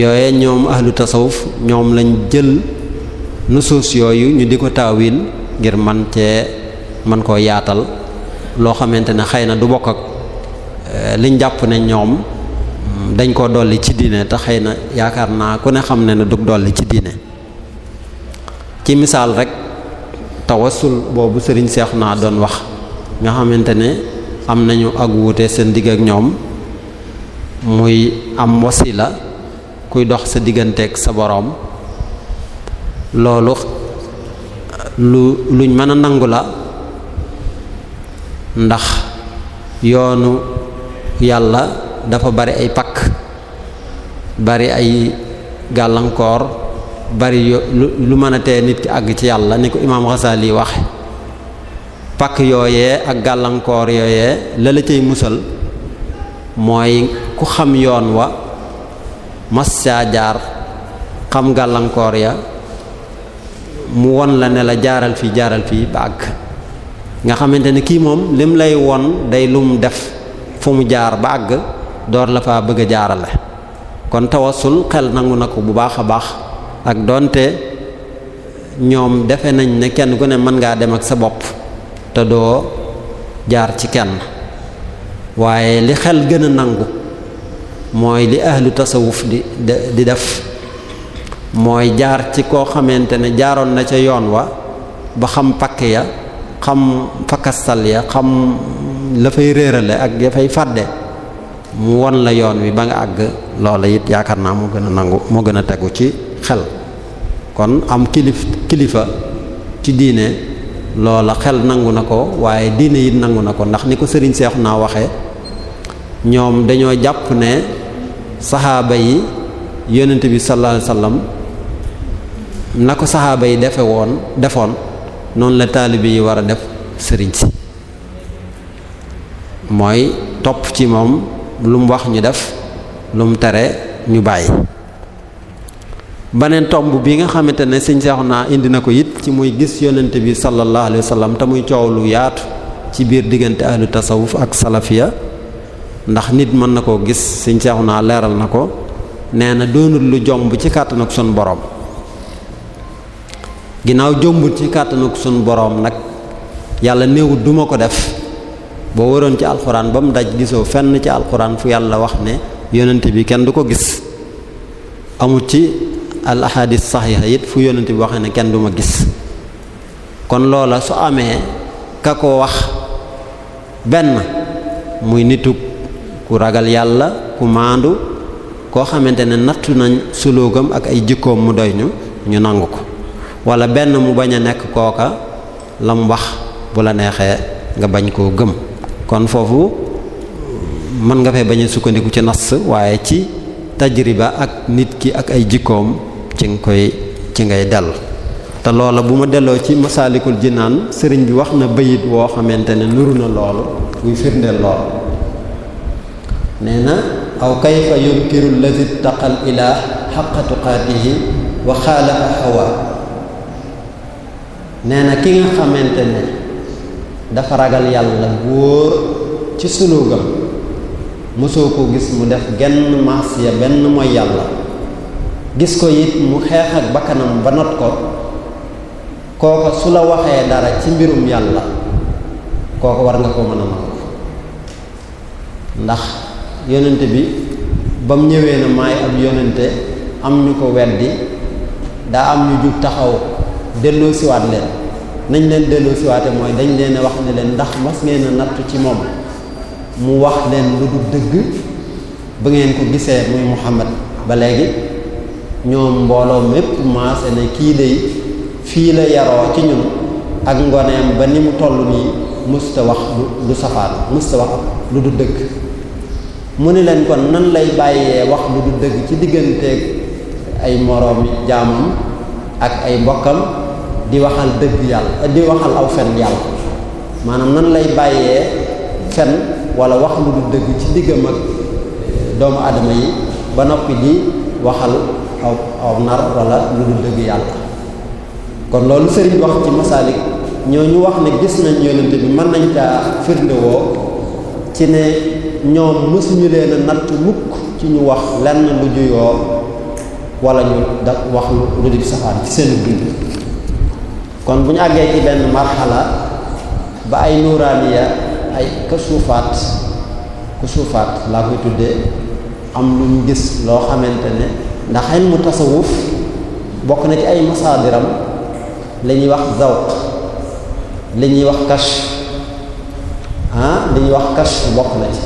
yooye ñoom ahlu tasawuf ñoom lañ jël nu nusuus yooyu ñu di ko taawil ngir man cee man koo yaatal loo xamante ne xëy na du bokk ak eh, liñ jàpp ne ñoom dañ koo dolli ci diine te xëy na yaakaar naa ku ne xam ne ne dug dolli ci diine ci misaal rek tawasul boobu sëriñ seexu naa doon wax nga xamante ne am nañu ak wuute seen digg ak ñoom muy am wasila kuy dox sa diggante ak sa boroom loolu lu luñ mën a nangu la ndax yoonu yàlla dafa bari ay pakk bari ay gàllankoor bari lu mën a tee nit ki àgg ci yàlla ni ko imaam Ghazali wax pakk yooyee ak gàllankoor yooyee la la cay musal mooy ku xam yoon wa mas saa jaar xam gàllankoor ya mu won la ne la jaaral fii jaaral fii ba àgg nga xamante ne kii moom lim lay won day mu def fu mu jaar ba àgg door la faa bëgg a jaarale kon tawasul xel nangu na ko bu baax a baax ak doonte ñoom defe nañ ne kenn ku ne mën ngaa dem ak sa bopp te doo jaar ci kenn waaye li xel gën a nangu mooy li ahlu tasawuf di def mooy jaar ci koo xamante ne jaaroon na ca yoon wa ba xam pakk ya xam fakastal ya xam la fay réerale ak ya fay fàdde mu won la yoon wi ba nga àgg loola it yaakaar naa moo gën a nangu moo gën a tegu ci xel kon am kilif kilifa ci diine loola xel nangu na ko waaye diine it nangu na ko ndax ni ko sëriñ seexu naa waxe ñoom dañoo jàpp ne saxaaba yi yonent bi sallallahu alayhi na ko saxaaba yi defe woon defoon noonu la taalibe yi war a def sëriñ si mooy topp ci moom lu mu wax ñu def lu mu tere ñu bàyyi beneen tomb bi nga xamante ne sëñ naa indi na ko it ci muy gis yonent bi sallallahu alayhi wa muy coow lu yaatu ci biir diggante ahlu tasawuf ak salafiya ndax nit mën na koo gis sëñ naa leeral na ko nee na doonul lu jomb ci kàttan ak sun borom ginnaaw jombul ci kàttanuk sunu boroom nag yàlla néewut duma ko def boo waroon ci alxuraan ba mu daj gisoo fenn ci alxuraan fu yàlla wax ne yonent bi kenn du ko gis amut ci al ahadis saxiixa it fu yonent bi waxee ne kenn duma gis kon loola su amee ka ko wax benn muy nitu ku ragal yàlla ku maandu koo xamante ne nattu nañ suluugam ak ay jikkoom mu doy ñu ñu nangu ko wala benn mu bañ a nekk kooka la wax bu la neexee nga bañ koo gëm kon foofu mën nga fee bañ sukkandiku ci nas waaye ci tajriba ak nit ki ak ay jikkoom ci koy ci ngay dell te loola bu ma delloo ci masaalikul jinaan sëriñ bi wax na bayit woo xamante ne nuru na loolu buy firndeel loolu nee na aw kayfa yunkiru alladi ittaqa al ilaah xaqa tuqaatihi wa xaalafa hawa nee na ki nga xamante ne dafa ragal yàlla wóor ci suluugam mosoo ko gis mu def genn maasiya benn mooy yàlla gis ko it mu xeex ak bakkanam ba not ko kooko su la waxee dara ci mbirum yàlla kooko war nga ko mën a nangu ndax yonent bi ba mu ñëwee na maay ab yonente am ñu ko weddi daa am ñu jug taxaw delloo siwaat leen nañ leen delloo siwaate mooy dañ leen wax ne leen ndax mas ngeen nattu ci moom mu wax leen lu du dëgg ba ngeen ko gisee muy Muhammad ba léegi ñoom mbooloo mépp maase ne kii day fii la yaroo ci ñun ak ngoneem ba ni mu toll nii musta wax lu lu safaan musta wax lu du dëgg mu ni leen kon nan lay bàyyee wax lu du dëgg ci digganteeg ay moroom jaamam ak ay mbokkam di waxal dëgg yàlla eh, di waxal aw fen yàlla maanaam nan lay bàyyee fen wala wax lu du dëgg ci diggam ak doomu aadama yi ba noppi di waxal aw aw nar wala lu du dëgg yàlla kon loolu sëriñ wax ci masaalik ñooñu wax ne gis nañ yonente bi mën nañ caa firndewoo ci ne ñoom mësuñu leen a natt mukk ci ñu wax lenn lu juyoo wala ñu da wax lu di safaan ci seen dund kon bu ñu àggee ci benn marxala ba ay nuuraaniya ay kasuufaat kusuufaat laa koy tuddee am lu ñu gis loo xamante ne ndax mu tasawuf bokk na ci ay masaadiram li ñuy wax zawq li ñuy wax kash ah li ñuy wax kash bokk na ci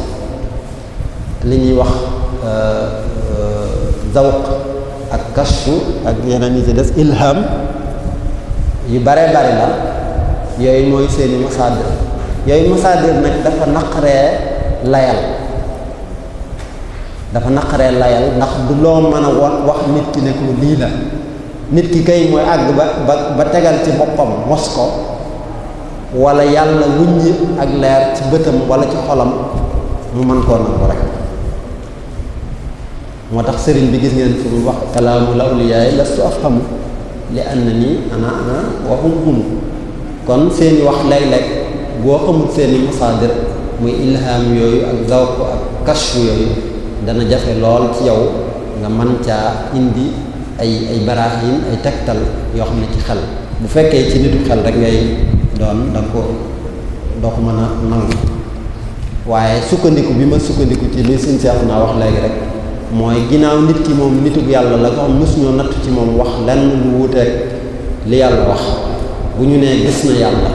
li ñuy wax euh, euh, zawq ak kashu ak yeneen yi ci des ilham yu bare bari la yooyu mooy seeni masaadir yooyu masaadir nag dafa naqaree layal dafa naqaree layal ndax du loo mën a wax nit ki nekk ko lii la nit ki kay mooy àgg ba ba tegal ci boppam mos ko wala yàlla wuññi ak leer ci bëtam wala ci xolam mu mën koo nangu rek moo tax sëriñ bi gis ngeen fi mu wax kalaamu lawliyaay lastu afhamu li ànd na nii ana ana waxum hum kon seeni wax léeg-léeg boo xamul seeni masaadir muy ilham yooyu ak zawq ak kashf yooyu dana jafe lool ci yow nga mën caa indi ay ay baraahin ay tegtal yoo xam ne ci xel bu fekkee ci nitu xel rek ngay doon da nga ko doo ko mën a nangu waaye sukkandiku bi ma sukkandiku ci li suñ seexu naa wax léegi rek mooy ginnaaw nit ki moom nitug yàlla la ko am natt ci moom wax lenn lu wuuteeg li yàlla wax bu ñu nee gis na yàlla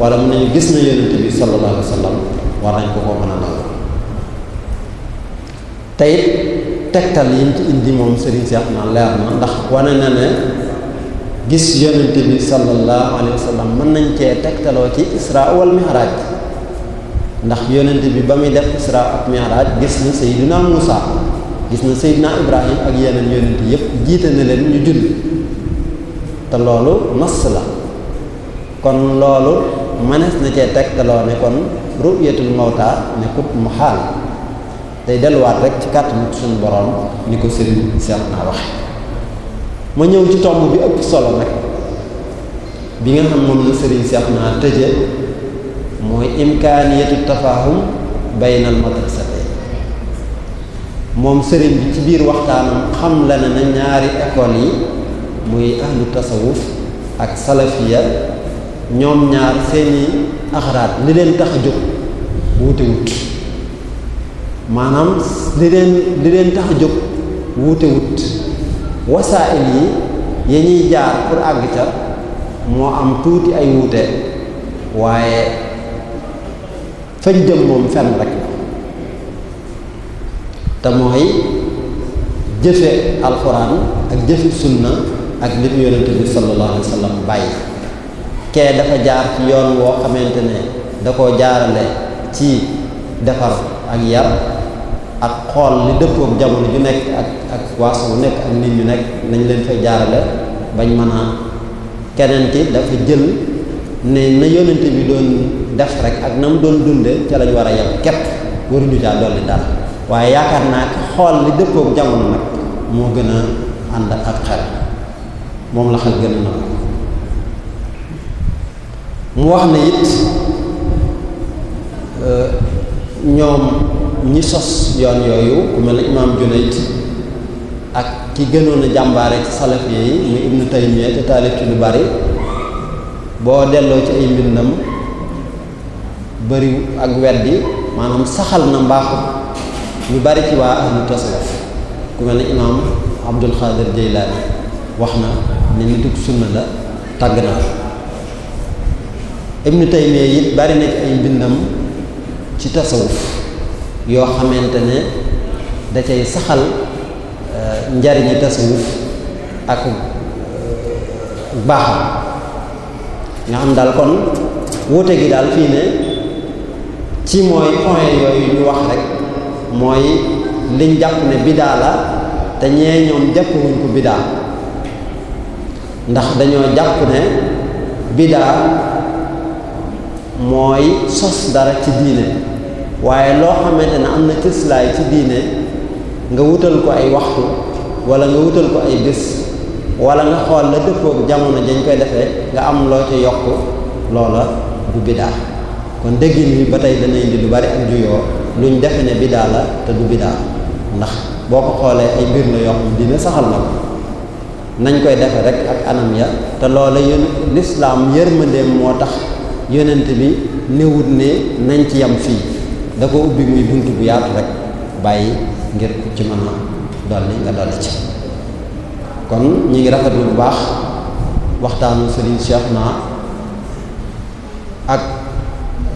wala mu ne gis na yonent bi sallallahu alayhi wa war nañ ko koo mën a yi ci indi moom Serigne ndax wane na ne gis yonent bi sallallahu mën nañ cee tegtaloo ci isra wal ndax yonent bi ba muy def isra ak mihraj gis na Seydina Muusa gis na Seydina Ibrahim ak yeneen yonent yëpp jiite na leen ñu julli te loolu nas la kon loolu mënees na cee tegtaloo ne kon ru'yatul mawta nekkut mu xaal day delluwaat rek ci kàttanu suñu borom ni ko Serigne Seex naa waxe ma ñëw ci tomb bi ëpp solo nag bi nga xam moom la Serigne Seex naa tëje mooy imkaaniyatu tafaahum baynal madrasat moom sëriñ bi ci biir waxtaanam xam la ne na ñaari école yi muy ahlu tasawuf ak salafiya ñoom ñaar seeni axraat li leen tax a jóg wuute wut maanaam li leen li leen tax a jóg wuute wut wasaa'il yi ya ñuy jaar pour àgg ca moo am tuuti ay wuute waaye fañ jëm moom fenn rek te mooy jëfe alxuraan ak jëfe sunna ak li mu yonente bi sallallahu alayhi bàyyi kee dafa jaar ci yoon woo xamante ne da koo jaarale ci defar ak yar ak xool li dëppook jamono ju nekk ak ak waaso bu nekk ak nit ñu nekk nañ leen fay jaarale bañ mën a keneen ki dafa jël ne na yonente bi doon def rek ak na mu doon dunde ca lañ war a yem képp waruñu caa dolli daal waaye yaakaar naa xool li dëppook jamono nag moo gën a ànd ak xel moom la xel gën na mu wax na it euh, ñoom ñi sos yoon yooyu ku mel imaam Junayd ak ki gënoon a jàmbaare ci salaf yi muy Ibnu Taymiyya te taalif ci lu bari boo delloo ci ay mbindam bëriw ak weddi maanaam saxal na mbaaxu ñu bari ci waa ahlu tasawuf ku mel imaam Abdul Xaadir Jaylaani wax na ne nitug sunna la tàgg na Ibnu Taymiya it bari na ci mbindam ci tasawuf yoo xamante ne da cay saxal eh, njariñi tasawuf ak eh, baaxam nga xam daal kon wuute gi daal fii ne ci mooy point yooyu ñu wax rek mooy liñ jàpp ne bidaa la te ñee ñoom jàpp wuñ ko bidaa ndax dañoo jàpp ne bidaa mooy sos dara ci diine waaye loo xamante ne am na cëslaay ci diine nga wutal ko ay waxtu wala nga wutal ko ay bés wala nga xool la dëppoog jamono jañ koy defee nga am loo ca yokk loola du bidaa kon déggin bi ba tey dana indi lu bari ak yoo luñ defe ne bidaa la te du bidaa ndax boo ko xoolee ay mbir la yoo dina saxal na ko nañ koy defe rek ak anam ya te loola yén lislaam yërmandeem moo tax yonent bi néewut ne nañ ci yam fii da ko ubbi muy bunt bu yaatu rek bàyyi ngir ku ci mën a dolli nga dolli ci kon ñu ngi rafetlu bu baax waxtaanu Serigne Cheikh naa ak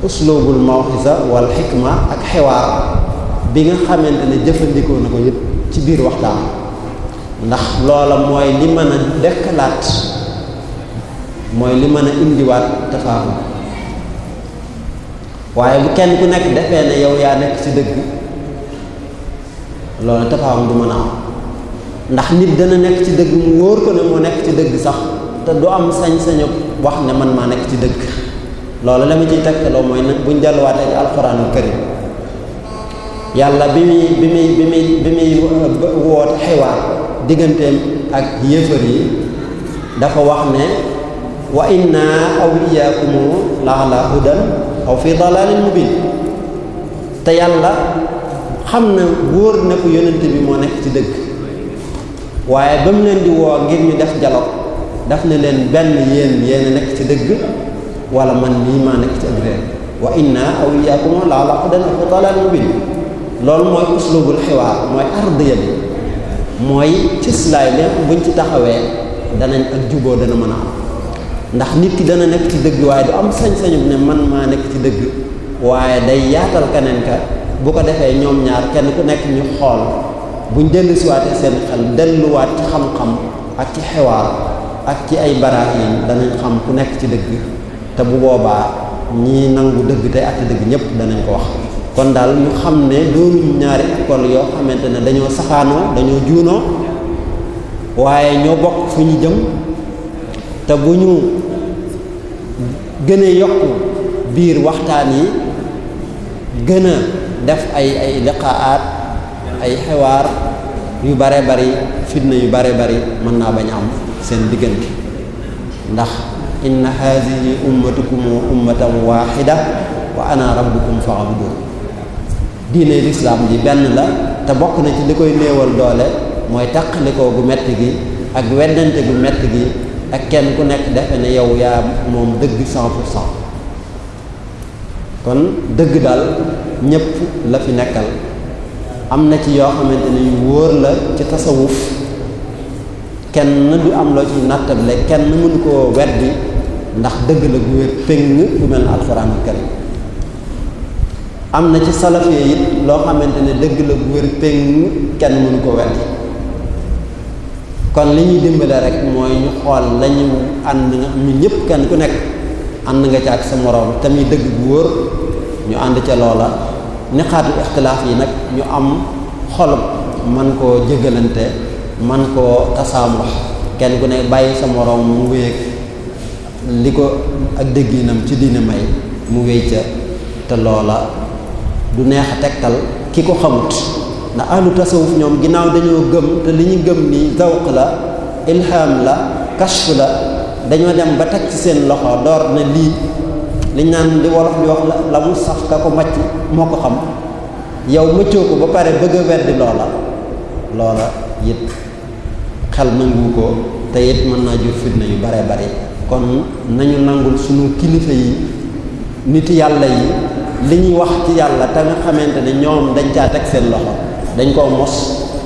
uslubul mawxisa wal xikma ak xewaar bi nga xamante ne jëfandikoo na ko yëpp ci biir waxtaan ndax loola mooy li mën a dekkalaat mooy li mën a indiwaat tafaaxum waaye bu kenn ku nekk defee ne yow yaa nekk ci dëgg loolu tafaaxum du mën a am ndax nit dana nekk ci dëgg mu wóor ko ne moo nekk ci dëgg sax te du am sañ-sañu wax ne man maa nekk ci dëgg loolu la mu ci tegtaloo mooy nag buñ delluwaatee ci alxuraanul karim yàlla bi muy bi muy bi muy bi muy woot xiwaar digganteem ak yéefar yi dafa wax ne wa inna aw iyaakumu la ala hudan aw fi dalalin mubin te yàlla xam na wóor na ko yonent bi moo nekk ci dëgg waaye ba mu leen di woo ngir ñu def dialogue daf ne leen benn yéen yéen nekk ci dëgg wala man mii maa nekk ci ak réer wa inna aw iyaakum la ala hudan aw dalaalin mubiin loolu mooy uslubul xiwaar mooy ardiya bi mooy cëslaay lépp buñ ci taxawee danañ ak juboo dana mën a am ndax nit ki dana nekk ci dëgg waaye du am sañ-sañu ne man maa nekk ci dëgg waaye day yaatal keneen ka bu ko defee ñoom ñaar kenn ku nekk ñu xool buñ dellusiwaatee seen xel delluwaat ci xam-xam ak ci xiwaar ak ci ay baraax yi xam ku nekk ci dëgg te bu boobaa ñi nangu dëgg tey àtte dëgg ñëpp danañ ko wax kon daal ñu xam ne doonuñ ñaari école yoo xamante ne dañoo safaanoo dañoo juunoo waaye ñoo bokk fu ñu jëm te bu ñu gën a yokk biir waxtaan yi gën a def ay ay liqaat ay xewaar yu bare bari fitna yu bare bari mën naa bañ am seen diggante ndax inna haadihi ummatukum ummatan waaxida wa ana rabbukum fa'budun diine lislaam ji benn la te bokk na ci li koy néewal doole mooy taqalikoo gu metti gi ak weddante gu metti gi ak kenn ku nekk defe ne yow yaa moom dëgg cent pour cent kon dëgg daal ñépp la fi nekkal am na ci yoo xamante ni wóor la ci tasawuf kenn du am loo ci nattable kenn mënu ko weddi ndax dëgg la gu wér péng bu mel ne alxuraanul karim am na ci salafee it loo xamante ne dëgg la gu wér péng kenn mënu ko weddi kon li ñuy dimbale rek mooy ñu xool lañu ànd nga ñu ñëpp kenn ku nekk ànd nga ci ak sa moroom te muy dëgg bu wóor ñu ànd ca loola niqaatu ixtilaaf yi nag ñu am xolub man koo jëgalante man koo tasaamux kenn ku ne bàyyi sa moroom mu wéeg li ko ak dëgginam ci diine may mu wéy ca te loola du neex a tegtal ki ko xamut ndax ahlu tasawuf ñoom ginnaaw dañoo gëm te li ñu gëm ni zawq la ilham la kashf la dañoo dem ba teg ci seen loxo door na lii liñ naan li wolof di wax la la mu saf ka ko macc moo ko xam yow mëccoo ko ba pare bëgg a weddi loola loola it xel nangu ko te it mën naa jur fitna yu bare bare kon nañu nangul suñu kilifa yi nit yàlla yi li ñuy wax ci yàlla te nga xamante ne ñoom dañ caa teg seen loxo dañ koo mos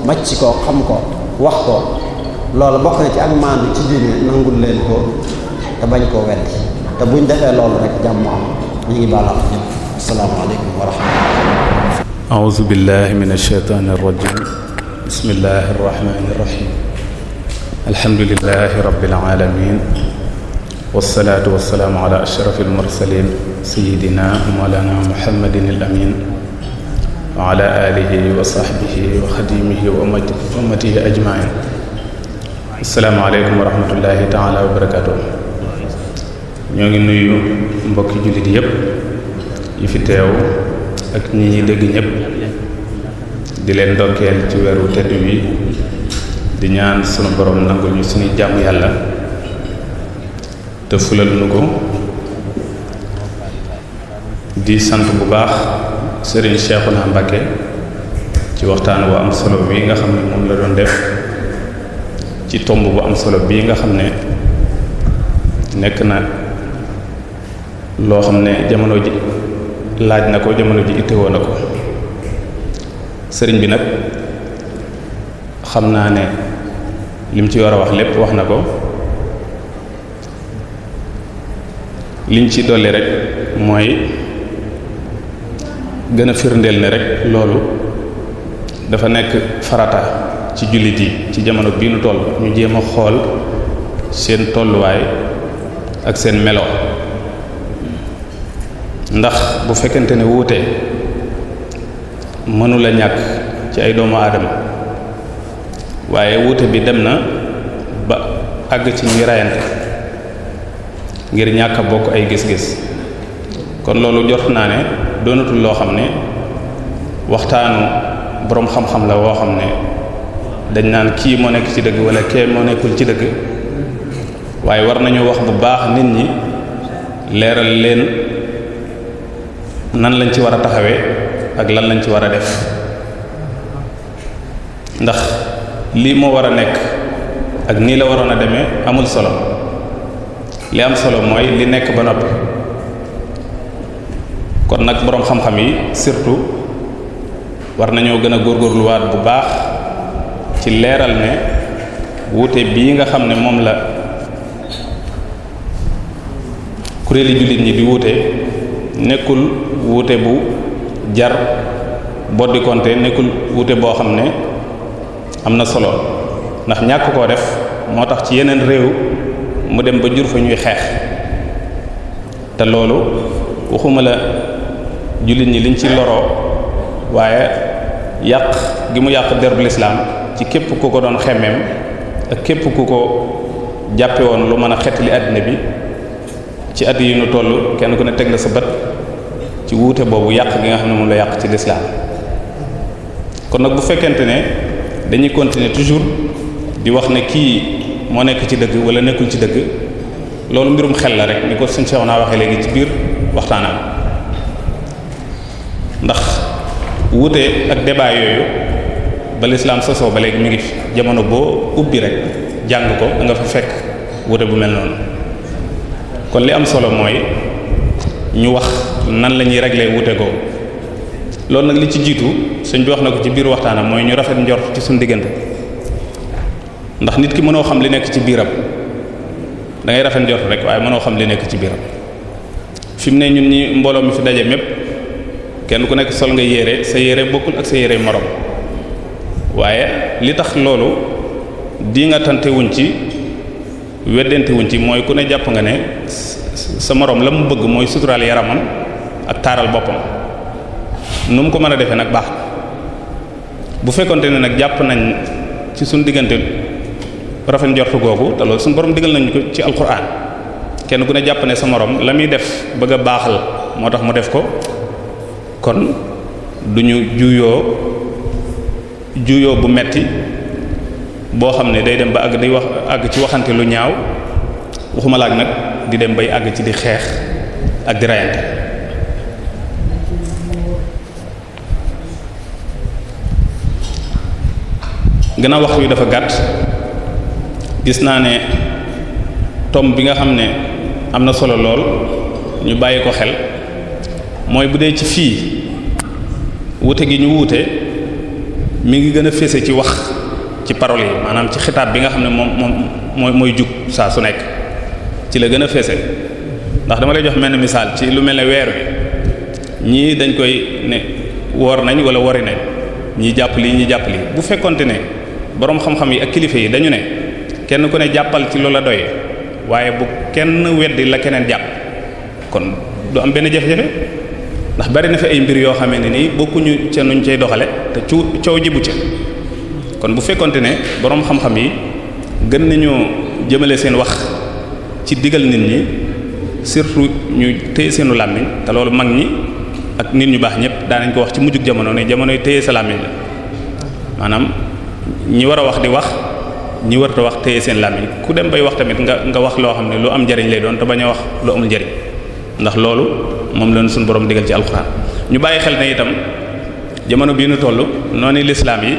màcc ko xam ko wax ko loolu bokk na ci ak maandu ci diine nangul leen ko te bañ koo weddi te buñ defee loolu rek jàmm am ñu ngi baal ak ñëpp asalaamaaleykum wa
rahmatullah. alhamdulilahi rabbil alamin wasalaatu wasalaamu ala ashrafil mursalin sayidina mawlana muhammadin al amin wa ala alihi wa sahbihi wa xadimihi wa ummatihi ajmain assalaamu aleykum wa rahmatullahi taala wa barakatuh ñoo ngi nuyu mbokki jullit yépp yi fi teew ak ñi ñuy dégg ñépp di leen ndokkeel ci weeru tedd wi di ñaan sunu borom nangu ñu suñu jàmm yàlla te fulal nu ko di sant bu baax Serigne Cheikhouna Mbacké ci waxtaan bu am solo bii nga xam ne moom la doon def ci tomb bu am solo bii nga xam ne nekk na loo xam ne jamono ji laaj na ko jamono ji ittewoo na ko sëriñ bi nag xam naa ne lim ci war a wax lépp wax na ko liñ ci dolli rek mooy gën a firndeel ne rekk loolu dafa nekk farata ci jullit yi ci jamono bii nu toll ñu jéem a xool seen tolluwaay ak seen melo ndax bu fekkente ne wuute mënula ñàkk ci ay doomu aadama waaye wuute bi dem na ba àgg ci ñi rayante ngir ñàkk bokk ay gis-gis kon loolu jot naa ne doonatul loo xam ne waxtaanu boroom xam-xam la woo xam ne dañ naan kii moo nekk ci dëgg wala kee moo nekkul ci dëgg waaye war nañu wax bu baax nit ñi leeral leen nan lañ ci war a taxawee ak lan lañ ci war a def ndax lii moo war a nekk ak nii la waroon a deme amul solo li am solo mooy li nekk ba noppi kon nag boroom xam-xam yi surtout war nañoo gën a góor góorgóorluwaat bu baax ci leeral ne wuute bii nga xam ne moom la kuréeli jullit ñi di wuute nekkul wuute bu jar boddikonte nekkul wuute boo xam ne am na solo ndax ñàkk koo def moo tax ci yeneen réew mu dem ba jur fa ñuy xeex te loolu waxuma la jullit ñi liñ ci loroo waaye yàq gi mu yàq derbu lislaam ci képp ku ko doon xemmeem ak képp ku ko jàppe woon lu mën a xettali àddina bi ci at yi nu toll kenn ku ne teg na sa bët ci wuute boobu yàq gi nga xam ne moom la yàq ci lislaam kon nag bu fekkente ne dañuy continuer toujours di wax ne kii moo nekk ci dëgg wala nekkul ci dëgg loolu mbirum xel la rek ni ko suñ seew naa waxee léegi ci biir waxtaanam ndax wuute ak débat yooyu ba lislaam sosoo ba léegi mi ngi fi jamono boo ubbi rek jàng ko nga fa fekk wuute bu mel noonu kon li am solo mooy ñu wax nan la ñuy régler wuute googu loolu nag li ci jiitu suñ bi na ko ci biir waxtaanam mooy ñu rafet njort ci suñ diggante ndax nit ki mënoo xam li nekk ci biiram dangay rafet njort rek waaye mënoo xam li nekk ci biiram fi mu ne ñun ñi mbooloo mi fi daje mépp kenn ku nekk sol nga yére sa yére bokkul ak sa yére morom waaye li tax loolu di nga tante wuñ ci weddente wuñ ci mooy ku ne jàpp nga ne sa morom la mu bëgg mooy suturaal yaramam ak taaral boppam nu mu ko mën a defee nag baax bu fekkonte ne nag jàpp nañ ci suñu diggante rafet njortu googu te loolu suñu borom digal nañ ko ci alquran kenn ku ne jàpp ne sa morom la muy def bëgg baaxal moo tax mu def ko kon du ñu juyoo juyoo bu metti boo xam ne day dem ba àgg day wax àgg ci waxante lu ñaaw waxuma laak nag di dem bay àgg ci di xeex ak di rayante gën gannaaw wax wi dafa gàtt gis naa ne tom bi nga xam ne am na solo lool ñu bàyyi ko xel mooy bu dee ci fii wuute gi ñu wuute mu ngi gën a fese ci wax ci parole yi maanaam ci xitaab bi nga xam ne moom moom mooy mooy jug saa su nekk ci la gën a fese ndax dama lay jox mel ni misaal ci lu mel ne weer wi ñii dañ koy ne woor nañ wala wori nañ ñii jàpp lii ñii jàpp lii bu fekkonte ne boroom xam-xam yi ak kilifa yi dañu ne kenn ku ne jàppal ci loola doy waaye bu kenn weddi la keneen jàpp kon du am benn jafe-jafe ndax bari na fi ay mbir yoo xamante ni bokkuñu ca nuñ cay doxale te cu coow jibu ca kon bu fekkante ne boroom xam-xam yi gën nañoo jëmale seen wax ci digal nit ñi surtout ñu téye seenu làmmiñ te loolu mag ñi ak nit ñu baax ñépp daanañ ko wax ci mujjug jamono ne jamonoy téye sa làmmiñ la maanaam ñi war a wax di wax ñi warut wax téye seen làmmiñ ku dem bay wax tamit nga nga wax loo xam ne lu am njariñ lay doon te bañ a wax lu amul njariñ ndax loolu moom leen suñ borom digal ci alxuraan ñu bàyyi xel ne itam jamono bii nu toll noonu lislaam yi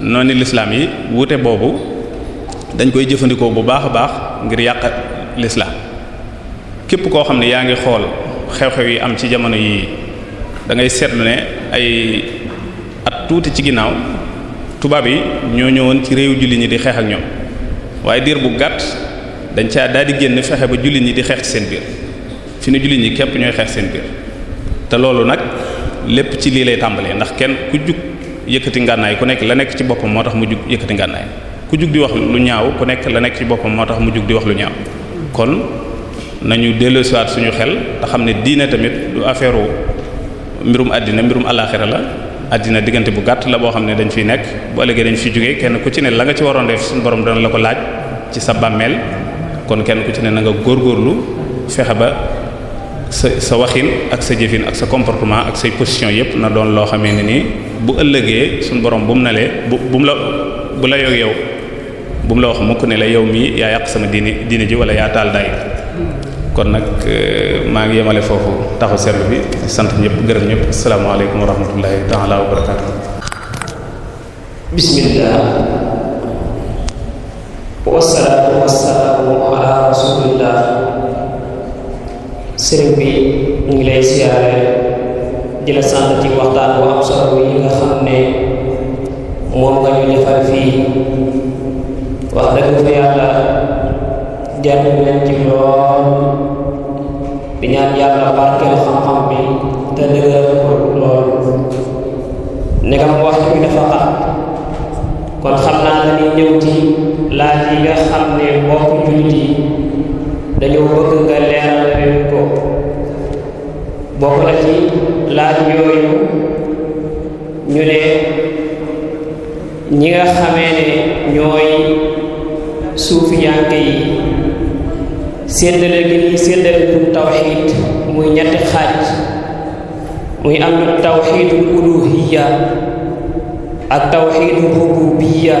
noonu lislaam yi wuute boobu dañ koy jëfandikoo bu baax a baax ngir yàq lislaam képp koo xam ne yaa ngi xool xew-xew yi am ci jamono yii dangay ngay seetlu ne ay at tuuti ci ginnaaw tubaab yi ñoo ñëwoon ci réew jullit ñi di xeex ak ñoom waaye diir bu gàtt dañ caa daal di génn fexe ba jullit ñi di xeex ci seen biir fi ne jullit ñi képp ñooy xeex seen biir te loolu nag lépp ci lii lay tàmbalee ndax kenn ku jug yëkkati ngànnaay ku nekk la nekk ci boppam moo tax mu jug yëkkati ngànnaay ku jug di wax lu ñaaw ku nekk la nekk ci boppam moo tax mu jug di wax lu ñaaw kon nañu delloosiwaat suñu xel te xam ne diine tamit du affaire mbirum àddina mbirum àllaaxira la àddina diggante bu gàtt la boo xam ne dañ fiy nekk bu ëllëgee dañ fiy jógee kenn ku ci ne la nga ci waroon def suñu borom dana la ko laaj ci sa bàmmeel kon kenn ku ci ne na nga góorlu fexe ba sa sa waxin ak sa jëfin ak sa comportement ak say position yépp na doon loo xamee ne nii bu ëllëgee suñu borom bu mu nalee bu bu mu la bu la yow yow bu mu la wax mukk ne la yow mii yaa yàq sama diini diini ji wala yaa taal daay kon nag euh, maa ngi yemale foofu taxu seetlu bi sant ñëpp gërëm ñëpp asalaamaaleykum wa rahmatullahi taala wa barakaatu
bismillah wasalaatu wasalaamu ala la am solo yi nga xam ne moom nga ñu defal fii wax dëgg fa yàlla jàng nañ ci lool di ñaan yàlla barkeel xam-xam bi te dëgër loolu ndegam waxtu bi dafa xat kon xam naa ne ñëw ci laaj yi nga xam ne mbokk jullit yi dañoo bëgg nga leeral leen ko bokk na ci laaj yooyu ñu ne ñi nga xamee ne ñooy suufiyanke yi séddale gi ñuy séddale pour tawxid muy ñetti xaaj muy am tawxidul uluhiya ak tawxidul rububiya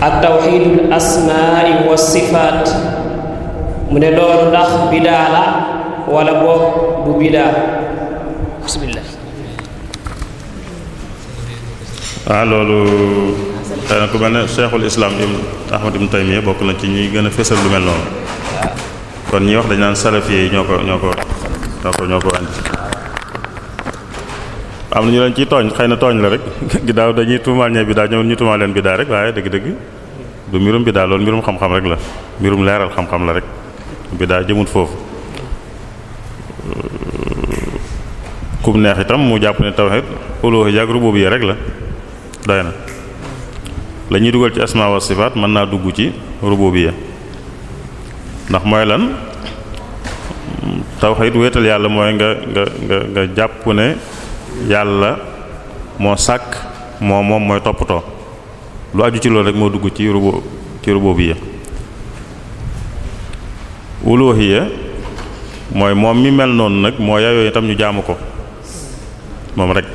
ak tawxidul asmaai wa sifaat mu ne loolu ndax bidaa la wala boog du bidaa bismillah
ah, loolu tey na ku mel ne cheikhul islam ibn ahmad ibn taymiya bokk na ci ñuy gën a fésal lu mel noonu kon ñi wax dañ naan salafiyé yi ñoo ko ñoo ko ñoo ko am na ñu leen ciy tooñ xëy na tooñ la rek *laughs* ginnaaw dañuy tuumaal ñee biddaa ñëw ñu tuumaal leen biddaa rek waaye dëgg-dëgg du mbirum biddaa loolu mbirum xam-xam rek la mbirum leeral xam-xam la rek biddaa jëmut foofu kum neex itam mu jàpp ne tawhid uluhiyya ak rububiyya rek la doy na la ñuy dugal ci asma wa sifaat mën naa dugg ci rububiyya ndax mooy lan tawhid wéetal yàlla mooy nga nga nga nga ne yàlla moo sàkk moo moom mooy toppatoo lu aju ci loolu rek moo dugg ci rubo ci rububiyya uluhiyya mooy moom mi mel noonu nag moo yaayoo itam ñu jaamu ko moom rek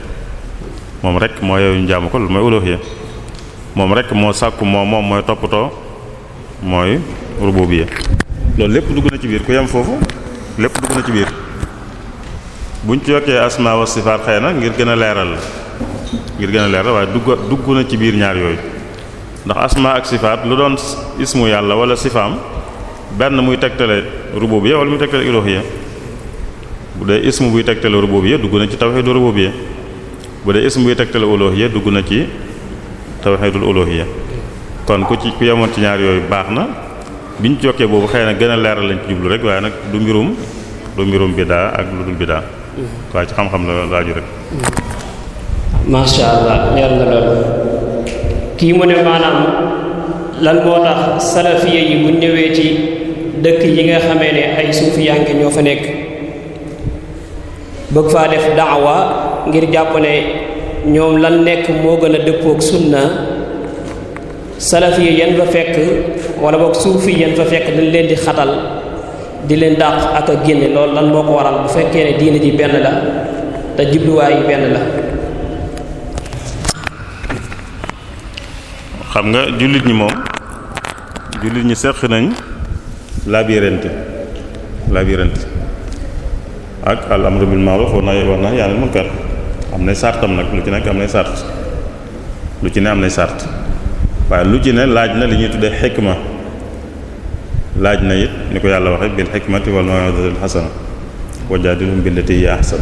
moom rek moo yaayoo ñu jaamu ko lu mooy uluhiyya moom rekk moo sàkku moo moom mooy toppatoo mooy rububiyya loolu lépp dugg na ci biir ku yem foofu lépp dugg na ci biir buñ ci yokkee asma wa xëy na ngir gën a leeral ngir gën a leeral waaye dugg dugg na ci biir ñaar yooyu ndax asma ak sifaat lu doon ismu yàlla wala sifaam benn muy tegtale rububiyya wala muy tegtale uluhiyya bu dee ismu buy tegtale rububiyya dugg na ci tawhidu rububiyya bu dee ismu buy tegtale uluhiyya dugg na ci tawhidul uluhiyya kon ku ci ku yemoon ci ñaar yooyu baax na biñ jokkee boobu xëy na gën a leeral lañ ci jublu rek waaye nag du mbirum du mbirum bidaa ak lu dul bidaa mm-hmm. waaye ci xam-xam la laaju rek
mm-hmm. masha allah leer na lool kii mu ne maanaam lan moo tax salafiya yi bu ñëwee ci dëkk yi nga xamee ne ay suufiyanke ñoo fa nekk bëgg faa def daawa ngir jàpp ne ñoom lan nekk moo gën a dëppook sunna salafiya yan fa fekk wala boog suufi yéen fa fekk dañ leen di xatal di leen dàq ak a génne loolu lan boo ko waral bu fekkee ne diine ji benn la te jubluwaay yi benn la
xam nga jullit ñi moom jullit ñi seq nañ labirante labirante ak al amru bil ma'ruf wa nahy wa nahy anil munkar am nay sartam nag lu ci nekk am nay sart lu ci ne am nay sart waaye lu ci ne laaj na li ñuy tuddee xikma laaj na it ni ko yàlla waxe bil xikmati wal maw'izatil xasana wajaadilhum billati hiya ahsan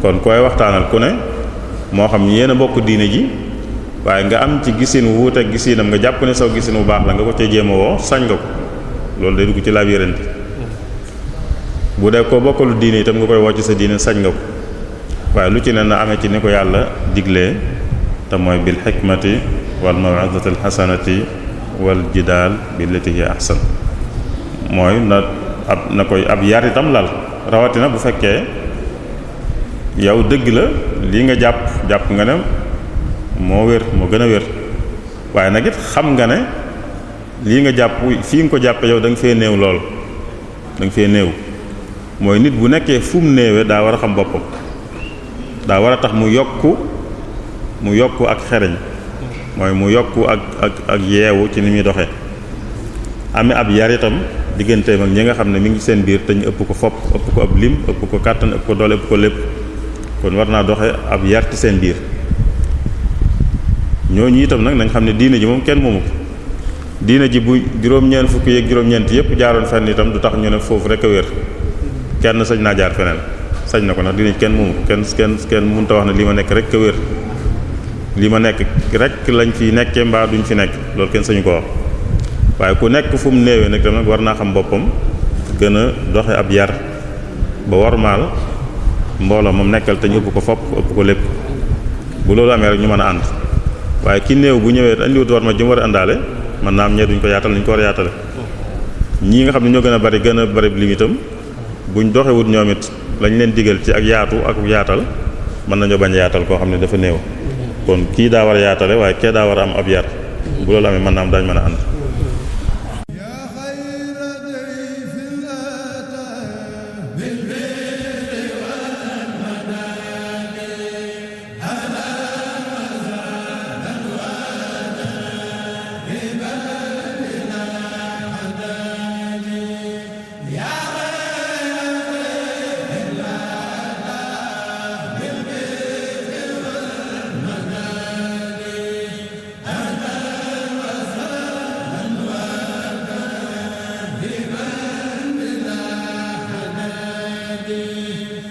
kon koy waxtaanal ku ne moo xam yéen a bokk diine ji waaye nga am ci gisin wuute ak gisinam nga jàpp ne saw gisin bu la nga ko ca jéem sañ nga ko loolu day dugg ci labirante bu dee ko bokkalu diine itam nga koy woo sa diine sañ nga ko lu ci ne na ci ni yàlla diglee te mooy bil xikmati wal maw'izatil xasanati wal jidaal billati hiya ahsan mooy na ab na koy ab yar itam lal rawatina bu fekkee yow dëgg la lii nga jàpp jàpp nga ne moo wér moo gën a wér waaye nag it xam nga ne lii nga jàpp fii nga ko jàppe yow da nga fee néew lool da nga fee néew mooy nit bu nekkee fu mu néewee daa war a xam boppam daa war a tax mu yokk mu yokk ak xereñ mooy mu yokk ak ak ak yeewu ci ni muy doxee ame ab yar itam digganteem ak ñi nga xam ne mu ngi seen biir te ñu ëpp ko fopp ëpp ko ab lim ëpp ko kàttan ëpp ko doole ëpp ko lépp kon war naa doxe ab yar ci seen biir ñooñu itam nag nañ xam ne diine ji moom kenn moomu ko diine ji bu juróom-ñeent fukki yeeg juróom-ñeent yëpp fenn itam du tax ñu ne foofu rek a kenn sañ naa jaar feneen sañ na ko ndax diine kenn moomu ko kenn kenn kenn mënut wax ne li ma nekk rek a wér li ma nekk rekk lañ fi nekkee mbaa duñ fi nekk loolu kenn sañu ko wax waaye ku nekk fu mu néewee nag tamit war naa xam boppam gën a doxe ab yar ba warmaal mbooloo moom nekkal te ñu ëpp ko fopp ëpp ko lépp bu loolu amee rek ñu mën a ànd waaye ki néew bu ñëwee andiwut war ma jëm war a àndaale man naa am ñee duñ ko yaatal ni ñu ko war a yaatale ñii nga xam ne ñoo gën a bari gën a bari limitam buñ doxewut ñoom it lañ leen digal ci ak yaatu ak yaatal mën nañoo bañ yaatal koo xam ne dafa néew kon kii daa war a yaatale waaye kee daa war a am ab yar bu loolu mën naa am daañu mën a ànd